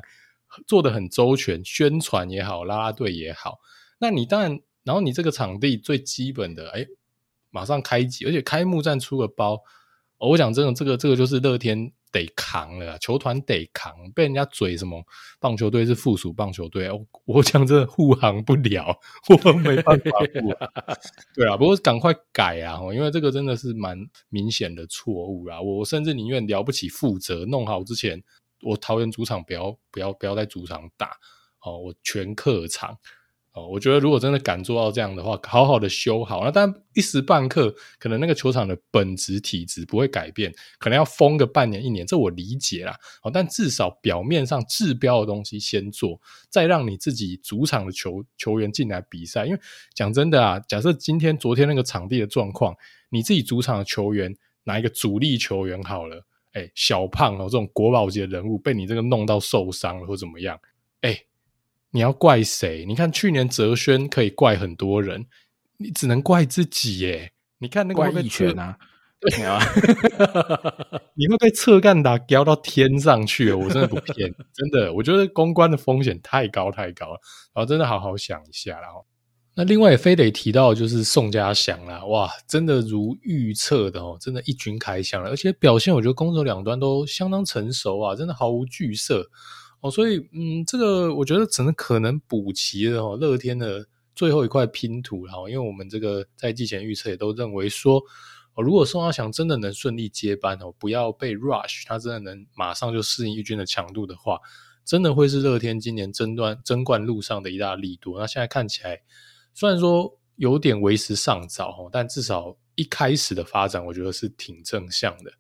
做得很周全，宣傳也好，啦啦隊也好。那你當然，然後你這個場地最基本的，哎，馬上開季，而且開幕戰出個包。哦，我講真的，這個這個就是樂天。得扛了啦，球團得扛，被人家嘴什麼棒球隊是附屬棒球隊，啊，我講這護航不了， 我沒辦法護。 對啊，不過趕快改啊，因為這個真的是蠻明顯的錯誤啊！我甚至寧願了不起負責弄好之前，我桃園主場不要不要不要在主場打哦，我全客場。哦，我覺得如果真的敢做到這樣的話，好好的修好那，但一時半刻可能那個球場的本質體質不會改變，可能要封個半年一年，這我理解啦。哦，但至少表面上治標的東西先做，再讓你自己主場的球球員進來比賽。因為講真的啊，假設今天、昨天那個場地的狀況，你自己主場的球員拿一個主力球員好了，哎，小胖哦，這種國寶級的人物被你這個弄到受傷了或怎麼樣，哎。你要怪誰？你看去年哲瑄可以怪很多人，你只能怪自己耶。你看那個會被拳啊，對啊， 你會被側杆打飆到天上去了、哦。我真的不騙你，真的，我覺得公關的風險太高太高了。然、啊、後真的好好想一下然哦。那另外也非得提到就是宋嘉翔啊。哇，真的如預測的哦，真的一軍開箱了，而且表現我覺得攻守兩端都相當成熟啊，真的毫無懼色。哦，所以嗯，這個我覺得只能可能補齊了哦，樂天的最後一塊拼圖，然後，因為我們這個在季前預測也都認為說，哦，如果宋耀翔真的能順利接班哦，不要被 rush，他真的能馬上就適應一軍的強度的話，真的會是樂天今年爭端爭冠路上的一大利多。那現在看起來，雖然說有點為時尚早哈、哦，但至少一開始的發展，我覺得是挺正向的。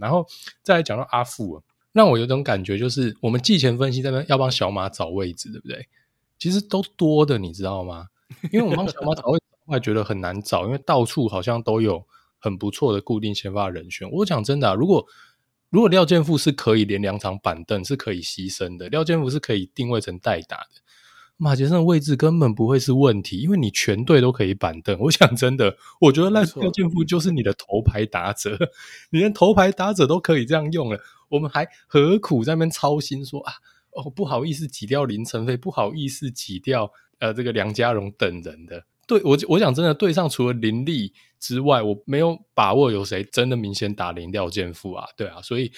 然後再來講到阿富、哦。讓我有種感覺，就是我們季前分析這邊要幫小馬找位置，對不對？其實都多的，你知道嗎？因為我幫小馬找位置，後來 覺得很難找，因為到處好像都有很不錯的固定先發人選。我講真的啊，如果如果廖健富是可以連兩場板凳，是可以犧牲的；廖健富是可以定位成代打的。馬杰森的位置根本不會是問題，因為你全隊都可以板凳。我想，真的，我覺得賴建富就是你的頭牌打者，錯 你連頭牌打者都可以這樣用了，我們還何苦在那邊操心說啊？哦，不好意思擠掉林晨飛，不好意思擠掉呃這個梁家榮等人的。對，我我想真的隊上除了林立之外，我沒有把握有誰真的明顯打零掉肩負啊？對啊，所以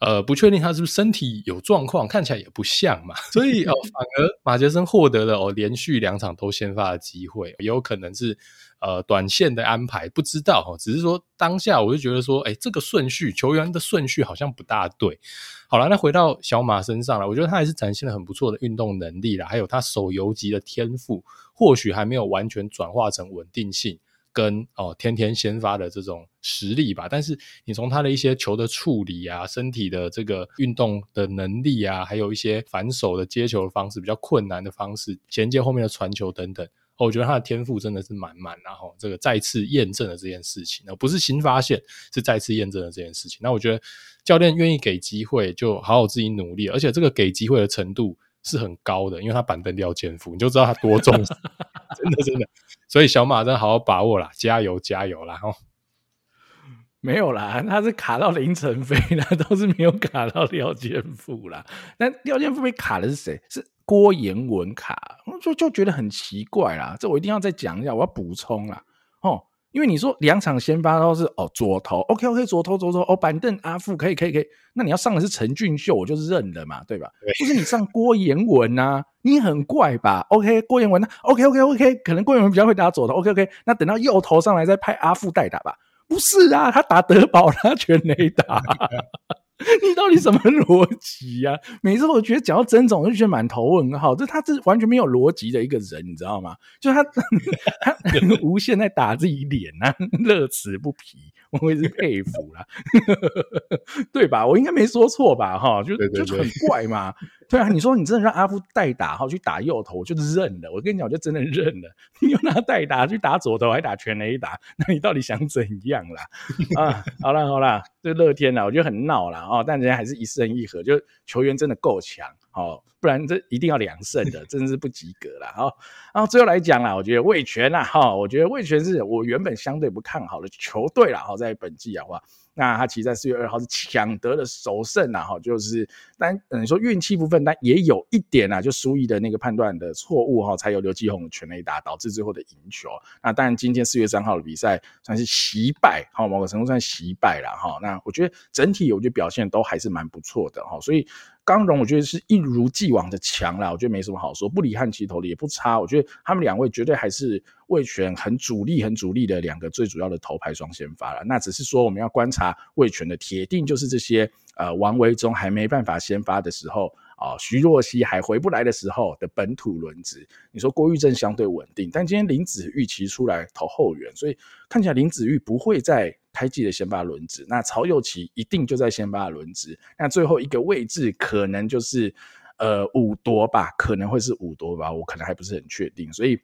呃，不確定他是不是身體有狀況，看起來也不像嘛，所以哦、呃，反而馬杰森獲得了哦、呃、連續兩場都先發的機會，也有可能是呃短線的安排，不知道只是說當下我就覺得說，哎、欸，這個順序球員的順序好像不大對。好了，那回到小馬身上了，我覺得他還是展現了很不錯的運動能力了，還有他守游擊的天賦，或許還沒有完全轉化成穩定性。跟哦，天天先發的這種實力吧，但是你從他的一些球的處理啊，身體的這個運動的能力啊，還有一些反手的接球的方式，比較困難的方式，銜接後面的傳球等等，哦，我覺得他的天賦真的是滿滿、啊。然、哦、後這個再次驗證了這件事情，哦，不是新發現，是再次驗證了這件事情。那我覺得教練願意給機會，就好好自己努力，而且這個給機會的程度是很高的，因為他板凳要肩負，你就知道他多重。 真的真的，所以小馬真的好好把握啦，加油加油啦。哈！沒有啦，他是卡到林承飛啦，倒是沒有卡到廖健富啦。那廖健富被卡的是誰？是郭嚴文卡，我就就覺得很奇怪啦。這我一定要再講一下，我要補充啦。因為你說兩場先發都是哦左投，OK OK 左投左投，哦板凳阿富可以可以可以，那你要上的是陳俊秀，我就是認了嘛，對吧？對不是你上郭嚴文吶，啊，你很怪吧？OK 郭嚴文呢？OK OK OK，可能郭嚴文比較會打左投，OK OK，那等到右投上來再派阿富代打吧？不是啊，他打德保他全壘打。 你到底什麼邏輯呀？每次我覺得講到曾總，我就覺得滿頭問號，就他這完全沒有邏輯的一個人，你知道嗎？就他 他無限在打自己臉啊，樂此不疲。我也是佩服啦， 對吧？我應該沒說錯吧？哈，就對對對，就很怪嘛。對啊，你說你真的讓阿福代打，哈，去打右投，我就認了。我跟你講，我就真的認了。你又拿他代打去打左投，還打全壘打，那你到底想怎樣啦？啊，好啦好啦，這樂天啦、啊，我覺得很鬧了啊，但人家還是一勝一和，就球員真的夠強。好，哦、不然這一定要兩勝的， 真的是不及格了。好，然後最後來講啦，我覺得味全啊，哈，我覺得味全是我原本相對不看好的球隊了。好，在本季的話，那他其實在四月二號是搶得了首勝啊，哈，就是但等於說運氣部分，但也有一點啦、啊、就輸贏的那個判斷的錯誤哈，才有劉基鴻全壘打導致最後的贏球。那當然，今天四月三號的比賽算是惜敗，哈，某個程度算惜敗了哈。那我覺得整體我覺得表現都還是蠻不錯的哈，所以。當然我覺得是一如既往的強了，我覺得沒什麼好說。不離漢奇投的也不差，我覺得他們兩位絕對還是味全很主力、很主力的兩個最主要的頭牌雙先發了。那只是說我們要觀察味全的鐵定就是這些，呃，王維中還沒辦法先發的時候，啊，徐若熙還回不來的時候的本土輪值。你說郭郁政相對穩定，但今天林子崴其實出來投後援，所以看起來林子崴不會在。開季的先發輪值，那曹祐齊一定就在先發輪值，那最後一個位置可能就是呃伍鐸吧，可能會是伍鐸吧，我可能還不是很確定，所以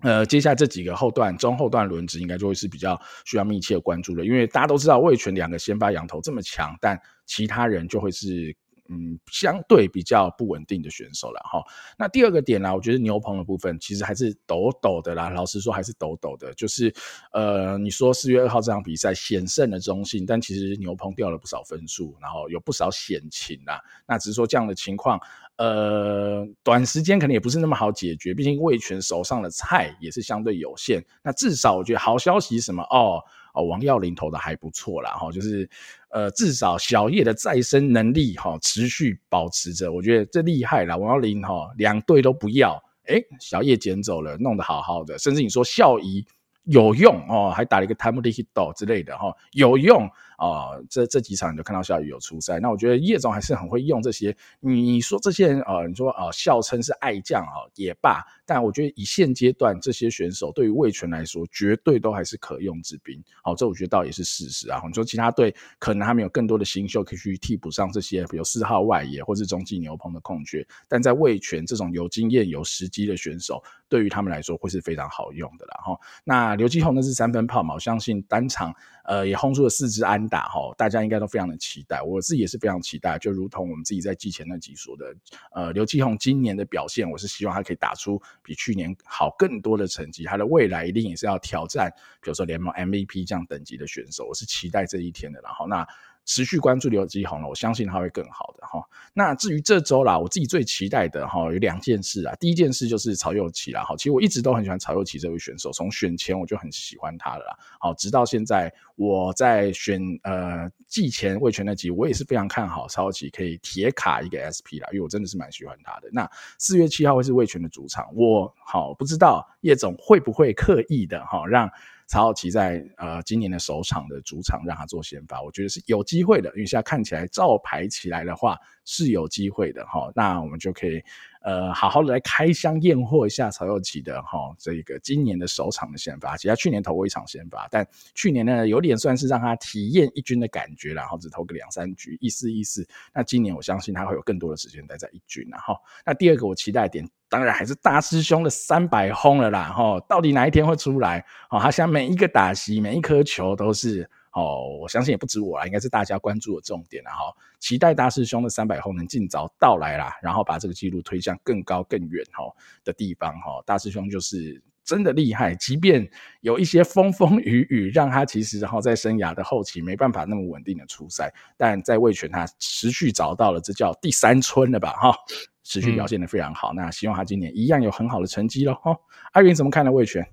呃，接下來這幾個後段、中後段輪值應該就會是比較需要密切的關注了，因為大家都知道味全兩個先發洋投這麼強，但其他人就會是。嗯，相對比較不穩定的選手了哈。那第二個點啦，我覺得牛棚的部分其實還是抖抖的啦。老實說，還是抖抖的，就是呃，你說四月二號這場比賽險勝的中信，但其實牛棚掉了不少分數，然後有不少險情啦。那只是說這樣的情況，呃，短時間可能也不是那麼好解決，畢竟味全手上的菜也是相對有限。那至少我覺得好消息什麼哦？王耀林投的還不錯啦，就是，呃，至少小葉的再生能力持續保持着，我覺得這厲害啦。王耀林兩隊都不要，哎，小葉撿走了，弄得好好的，甚至你說孝怡有用哦，還打了一個 timely hit 之類的有用。啊、哦，這這幾場你就看到小雨有出賽，那我覺得葉總還是很會用這些。你，你說這些人，呃，你說啊、呃，笑稱是愛將啊也罷，但我覺得以現階段這些選手對於味全來說，絕對都還是可用之兵。好、哦，這我覺得倒也是事實啊。你說其他隊可能他沒有更多的新秀可以去替補上這些，比如四號外野或是中繼牛棚的空缺，但在味全這種有經驗、有實績的選手，對於他們來說會是非常好用的了。哈、哦，那劉基鴻那是三分炮嘛，我相信單場。呃，也轟出了四支安打哈，大家應該都非常的期待，我自己也是非常期待。就如同我們自己在季前那集說的，呃，劉基鴻今年的表現，我是希望他可以打出比去年好更多的成績，他的未來一定也是要挑戰，比如說聯盟 MVP 這樣等級的選手，我是期待這一天的。然後，那持續關注劉基鴻了，我相信他會更好的哈。那至於這週啦，我自己最期待的哈有兩件事啊，第一件事就是曹祐齊啦，好，其實我一直都很喜歡曹祐齊這位選手，從選前我就很喜歡他了，好，直到現在。我在選呃季前味全那集，我也是非常看好曹琪可以鐵卡一個 SP 啦，因為我真的是蠻喜歡他的。那四月七號會是味全的主場，我好不知道葉總會不會刻意的哈讓曹琪在呃今年的首場的主場讓他做先發，我覺得是有機會的，因為現在看起來照排起來的話是有機會的哈。那我們就可以。呃，好好的來開箱驗貨一下曹祐齊的哈，這個今年的首場的先發，其實他去年投過一場先發，但去年呢有點算是讓他體驗一軍的感覺，然後只投個兩三局，一四一四。那今年我相信他會有更多的時間待在一軍，啊，然後那第二個我期待一點，當然還是大師兄的三百轟了啦，哈，到底哪一天會出來？哦，他想每一個打席，每一顆球都是。哦，我相信也不止我啦，應該是大家關注的重點了、啊、哈，期待大師兄的三百轟能盡早到來啦，然後把這個記錄推向更高更遠哈的地方哈。大師兄就是真的厲害，即便有一些風風雨雨，讓他其實然後在生涯的後期沒辦法那麼穩定的出賽，但在味全他持續找到了這叫第三春了吧哈，持續表現得非常好。嗯、那希望他今年一樣有很好的成績了哈。阿、啊、雲怎麼看呢？味全？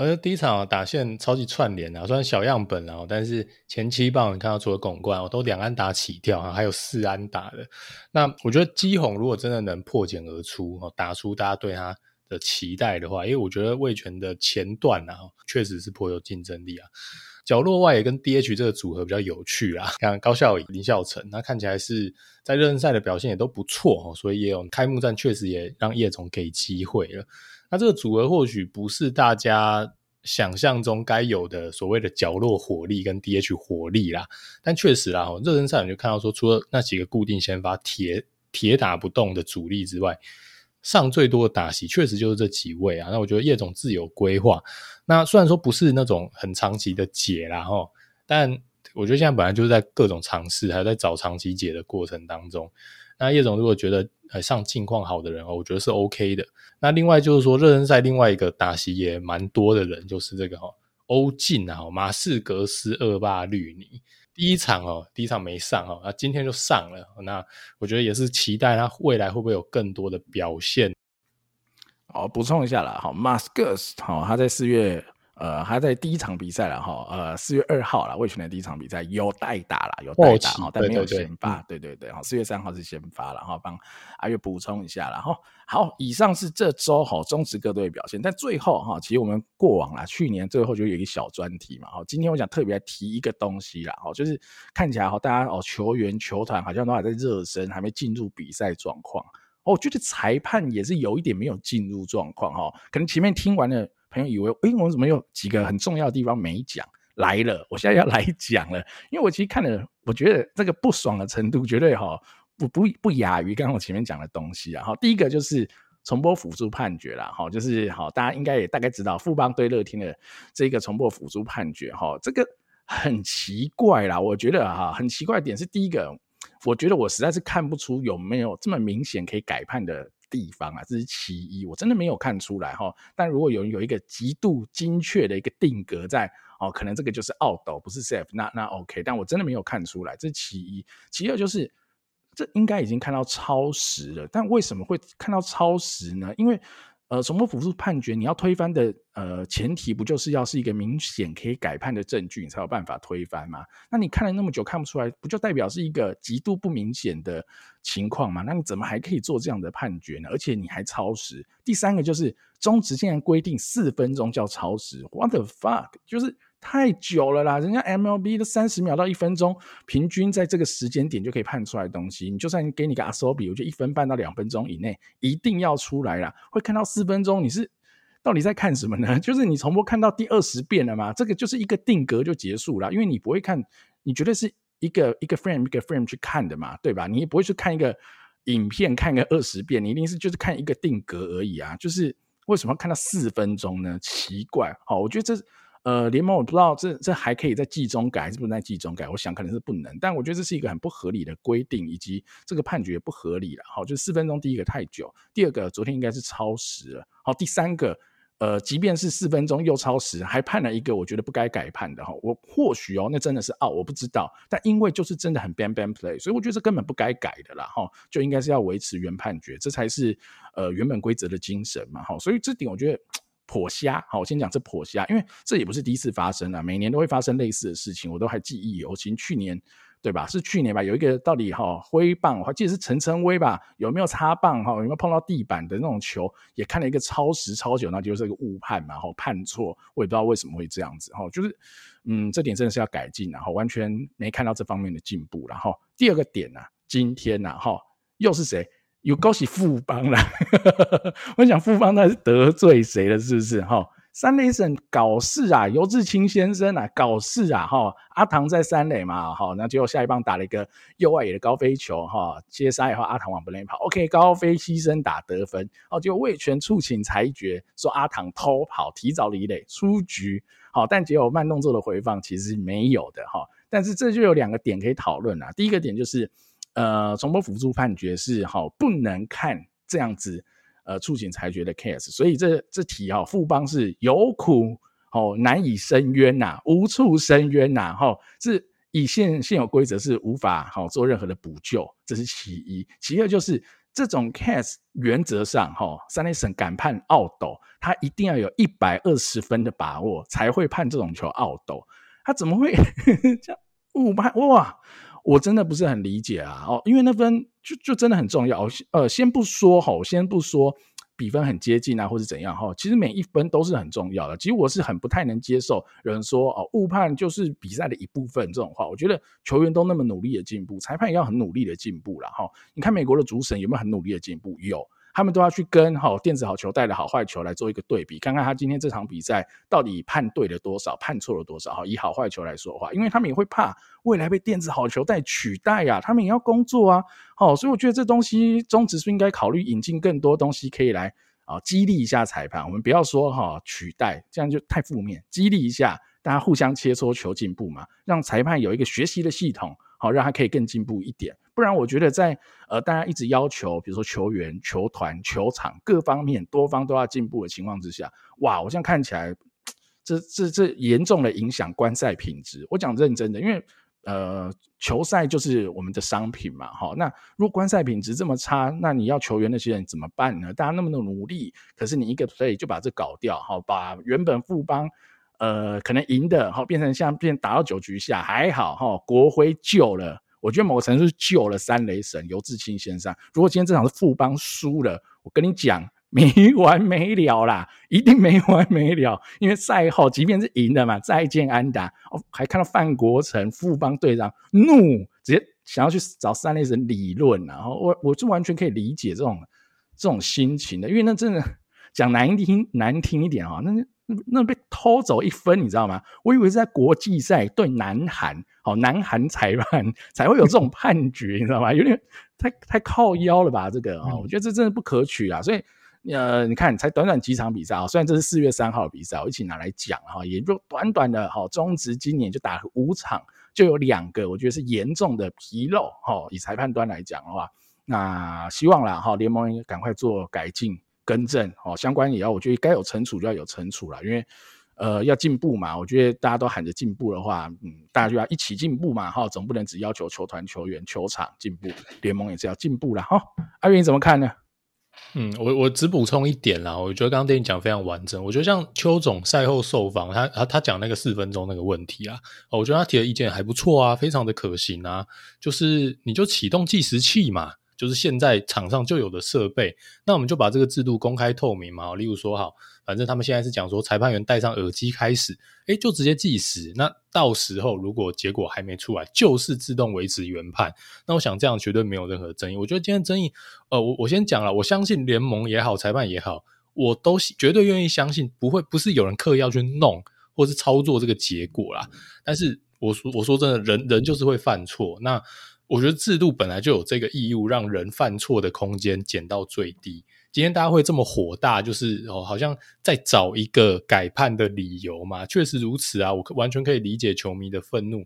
而第一場打線超級串聯啊，雖然小樣本啊，但是前七棒你看到除了鞏冠，我都兩安打起跳啊，還有四安打的。那我覺得基鴻如果真的能破繭而出，打出大家對他的期待的話，因為我覺得味全的前段啊，確實是頗有競爭力啊。角落外也跟 DH 這個組合比較有趣啊，像高效林孝成，他看起來是在熱身賽的表現也都不錯，所以也有開幕戰確實也讓葉總給機會了。那這個組合或許不是大家想象中該有的所謂的角落火力跟 DH 火力啦，但確實啦，熱身賽你就看到說，除了那幾個固定先發鐵鐵打不動的主力之外，上最多的打席確實就是這幾位啊。那我覺得葉總自有規劃，那雖然說不是那種很長期的解啦，吼，但我覺得現在本來就是在各種嘗試，還有在找長期解的過程當中。那葉總如果覺得呃，上近況好的人哦，我覺得是 OK 的。那另外就是說熱身賽另外一個打席也蠻多的人，就是這個哈歐晉啊馬斯格斯二八綠泥，嗯、第一場哦，第一場沒上哦，那今天就上了。那我覺得也是期待他未來會不會有更多的表現。好，補充一下啦，好，馬斯格斯好，他在四月。呃，他在第一場比賽了哈，呃，四月二號了，味全的第一場比賽有代打了，有代打哈，打喔，但沒有先發，對對對，好，四、嗯、月三號是先發了，然幫阿月補充一下，啦。後、喔，好，以上是這周哈中職各隊表現，但最後哈，其實我們過往啦，去年最後就有一個小專題嘛，好，今天我想特別提一個東西啦，好，就是看起來哈，大家哦球員球團好像都還在熱身，還沒進入比賽狀況，哦，喔，我覺得裁判也是有一點沒有進入狀況哈，可能前面聽完了。朋友以為，哎、欸，我怎麼有幾個很重要的地方沒講？來了，我現在要來講了。因為我其實看了，我覺得這個不爽的程度，絕對哈不不不亞於剛剛我前面講的東西。啊，然後第一個就是重播輔助判決了，哈，就是好，大家應該也大概知道，富邦對樂天的這個重播輔助判決，哈，這個很奇怪啦。我覺得哈，很奇怪的點是第一個，我覺得我實在是看不出有沒有這麼明顯可以改判的地方啊，這是其一，我真的沒有看出來哈。但如果有人有一個極度精確的一個定格在哦，可能這個就是澳斗，不是 a f 那，那 OK。但我真的沒有看出來，這是其一。其二就是，這應該已經看到超時了，但為什麼會看到超時呢？因為。呃，什麼輔助判決？你要推翻的，呃，前提不就是要是一個明顯可以改判的證據，你才有辦法推翻嗎？那你看了那麼久看不出來，不就代表是一個極度不明顯的情況嗎？那你怎麼還可以做這樣的判決呢？而且你還超時。第三個就是中職現在規定四分鐘叫超時，What the fuck？就是。太久了啦，人家 MLB 都三十秒到一分鐘，平均在這個時間點就可以判出來的東西。你就算給你個 A So 比，我就一分半到兩分鐘以內一定要出來了。會看到四分鐘，你是到底在看什麼呢？就是你重播看到第二十遍了嗎？這個就是一個定格就結束啦，因為你不會看，你覺得是一個一個 frame 一個 frame 去看的嘛，對吧？你也不會去看一個影片看個二十遍，你一定是就是看一個定格而已啊。就是為什麼要看到四分鐘呢？奇怪，好，我覺得這是。呃，聯盟我不知道這這還可以在季中改還是不能在季中改？我想可能是不能，但我覺得這是一個很不合理的規定，以及這個判決不合理了。好，就四分鐘第一個太久，第二個昨天應該是超時了。好，第三個，呃，即便是四分鐘又超時，還判了一個我覺得不該改判的哈。我或許哦、喔，那真的是 out，我不知道。但因為就是真的很 bang bang play，所以我覺得這根本不該改的啦。哈，就應該是要維持原判決，這才是呃原本規則的精神嘛。好，所以這點我覺得。破蝦好，我先講這破蝦，因為這也不是第一次發生了，啊，每年都會發生類似的事情，我都還記憶猶新。尤其去年，對吧？是去年吧？有一個到底哈揮棒，或者是陳晨威吧？有沒有擦棒？哈，哦，有沒有碰到地板的那種球？也看了一個超時超久，那就是一個誤判嘛，哈，哦，判錯。我也不知道為什麼會這樣子，哈，哦，就是，嗯，這點真的是要改進，啊，然後完全沒看到這方面的進步然哈，哦。第二個點呢，啊，今天呢，啊，哈，哦，又是誰？有搞起富邦了，邦啦 我想富邦他是得罪誰了，是不是？哈，三壘審搞事啊，尤志清先生啊，搞事啊，哈，阿唐在三壘嘛，哈，那結果下一棒打了一個右外野的高飛球，哈，接殺以後阿唐往本壘跑，OK，高飛犧牲打得分，哦，結果味全促請裁決，說阿唐偷跑提早離壘出局，好，但結果慢動作的回放其實是沒有的，哈，但是這就有兩個點可以討論啦，第一個點就是。呃，重播輔助判決是哈、哦，不能看這樣子呃，促進裁決的 case，所以這這題哈、哦，富邦是有苦哦，難以申冤吶，無處申冤吶，哈、哦，是以現現有規則是無法好、哦、做任何的補救，這是其一。其二就是這種 case 原則上哈，三壘審敢判 out，他一定要有一百二十分的把握才會判這種球 out，他怎麼會呵呵這樣誤判、哦、哇？我真的不是很理解啊，哦，因為那分就就真的很重要。哦、呃，先不說哈、哦，先不說比分很接近啊，或是怎樣哈、哦，其實每一分都是很重要的。其實我是很不太能接受人說哦，誤判就是比賽的一部分這種話。我覺得球員都那麼努力的進步，裁判也要很努力的進步了哈、哦。你看美國的主審有沒有很努力的進步？有。他們都要去跟好電子好球帶的好壞球來做一個對比，看看他今天這場比賽到底判對了多少，判錯了多少？以好壞球來說話，因為他們也會怕未來被電子好球帶取代呀、啊，他們也要工作啊。好，所以我覺得這東西中職是應該考慮引進更多東西，可以來啊激勵一下裁判。我們不要說哈取代，這樣就太負面，激勵一下大家互相切磋求進步嘛，讓裁判有一個學習的系統。好，讓他可以更進步一點，不然我覺得在呃，大家一直要求，比如說球員、球團、球場各方面多方都要進步的情況之下，哇，我現在看起來，這這這嚴重的影響觀賽品質。我講認真的，因為呃，球賽就是我們的商品嘛，好，那如果觀賽品質這麼差，那你要球員那些人怎麼辦呢？大家那麼的努力，可是你一個 play 就把這搞掉，好，把原本富邦。呃，可能贏的哈、哦，變成像變成打到九局下還好哈、哦，國徽救了，我覺得某個程度是救了三壘審尤志清先生。如果今天這場是富邦輸了，我跟你講沒完沒了啦，一定沒完沒了。因為賽後，即便是贏的嘛，再見安打哦，還看到范國宸富邦隊長怒，直接想要去找三壘審理論，然、哦、後我我是完全可以理解這種這種心情的，因為那真的講難聽難聽一點啊、哦，那。那被偷走一分，你知道嗎？我以為是在國際賽對南韓，哦，南韓裁判才會有這種判決， 你知道嗎？有點太太靠腰了吧？這個啊、哦，我覺得這真的不可取啊。所以，呃，你看才短短幾場比賽啊、哦，雖然這是四月三號的比賽，我一起拿來講哈、哦，也就短短的，哈、哦，中職今年就打五場，就有兩個，我覺得是嚴重的紕漏。哈、哦，以裁判端來講的話，那希望啦，哈、哦，聯盟應該趕快做改進。更正哦，相關也要，我覺得該有懲處就要有懲處啦，因為，呃，要進步嘛，我覺得大家都喊着進步的話，嗯，大家就要一起進步嘛，哈、哦，總不能只要求球團、球員、球場進步，聯盟也是要進步啦。哈、哦。阿雲你怎麼看呢？嗯，我我只補充一點啦。我覺得剛剛對你講非常完整，我覺得像邱總賽後受訪，他他他講那個四分鐘那個問題啊，我覺得他提的意見還不錯啊，非常的可行啊，就是你就啟動計時器嘛。就是現在場上就有的設備，那我們就把這個制度公開透明嘛。例如說，好，反正他們現在是講說裁判員戴上耳機開始，誒，就直接計時。那到時候如果結果還沒出來，就是自動維持原判。那我想這樣絕對沒有任何爭議。我覺得今天爭議，呃，我我先講了，我相信聯盟也好，裁判也好，我都絕對願意相信，不會不是有人刻意要去弄或是操作這個結果啦。但是我說，我說真的，人人就是會犯錯，那。我覺得制度本來就有這個義務，讓人犯錯的空間減到最低。今天大家會這麼火大，就是哦，好像在找一個改判的理由嘛。確實如此啊，我完全可以理解球迷的憤怒。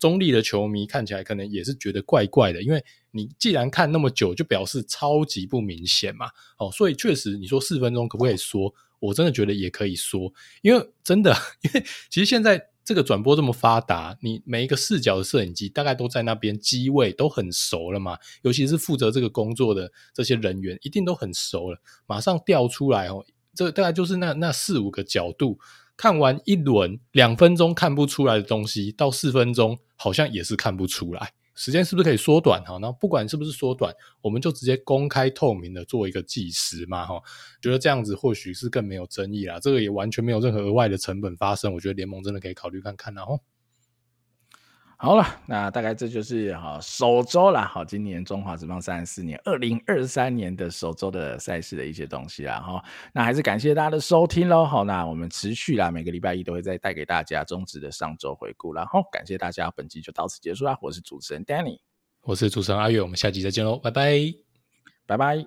中立的球迷看起來可能也是覺得怪怪的，因為你既然看那麼久，就表示超級不明顯嘛。哦，所以確實你說四分鐘可不可以說？我真的覺得也可以說，因為真的，因為其實現在。這個轉播這麼發達，你每一個視角的攝影機大概都在那邊機位都很熟了嘛，尤其是負責這個工作的這些人員一定都很熟了，馬上調出來哦。這大概就是那那四五個角度看完一輪兩分鐘看不出來的東西，到四分鐘好像也是看不出來。時間是不是可以縮短？哈，那不管是不是縮短，我們就直接公開透明的做一個計時嘛，哈，覺得這樣子或許是更沒有爭議啦。這個也完全沒有任何額外的成本發生，我覺得聯盟真的可以考慮看看啦，然後。好了，那大概這就是好首周啦，好，今年中華職棒三十四年二零二三年的首周的賽事的一些東西啦。好，那還是感謝大家的收聽嘍。好，那我們持續啦，每個禮拜一都會再帶給大家中職的上周回顧。然後感謝大家，本集就到此結束啦。我是主持人 Danny，我是主持人阿月，我們下集再見嘍，拜拜，拜拜。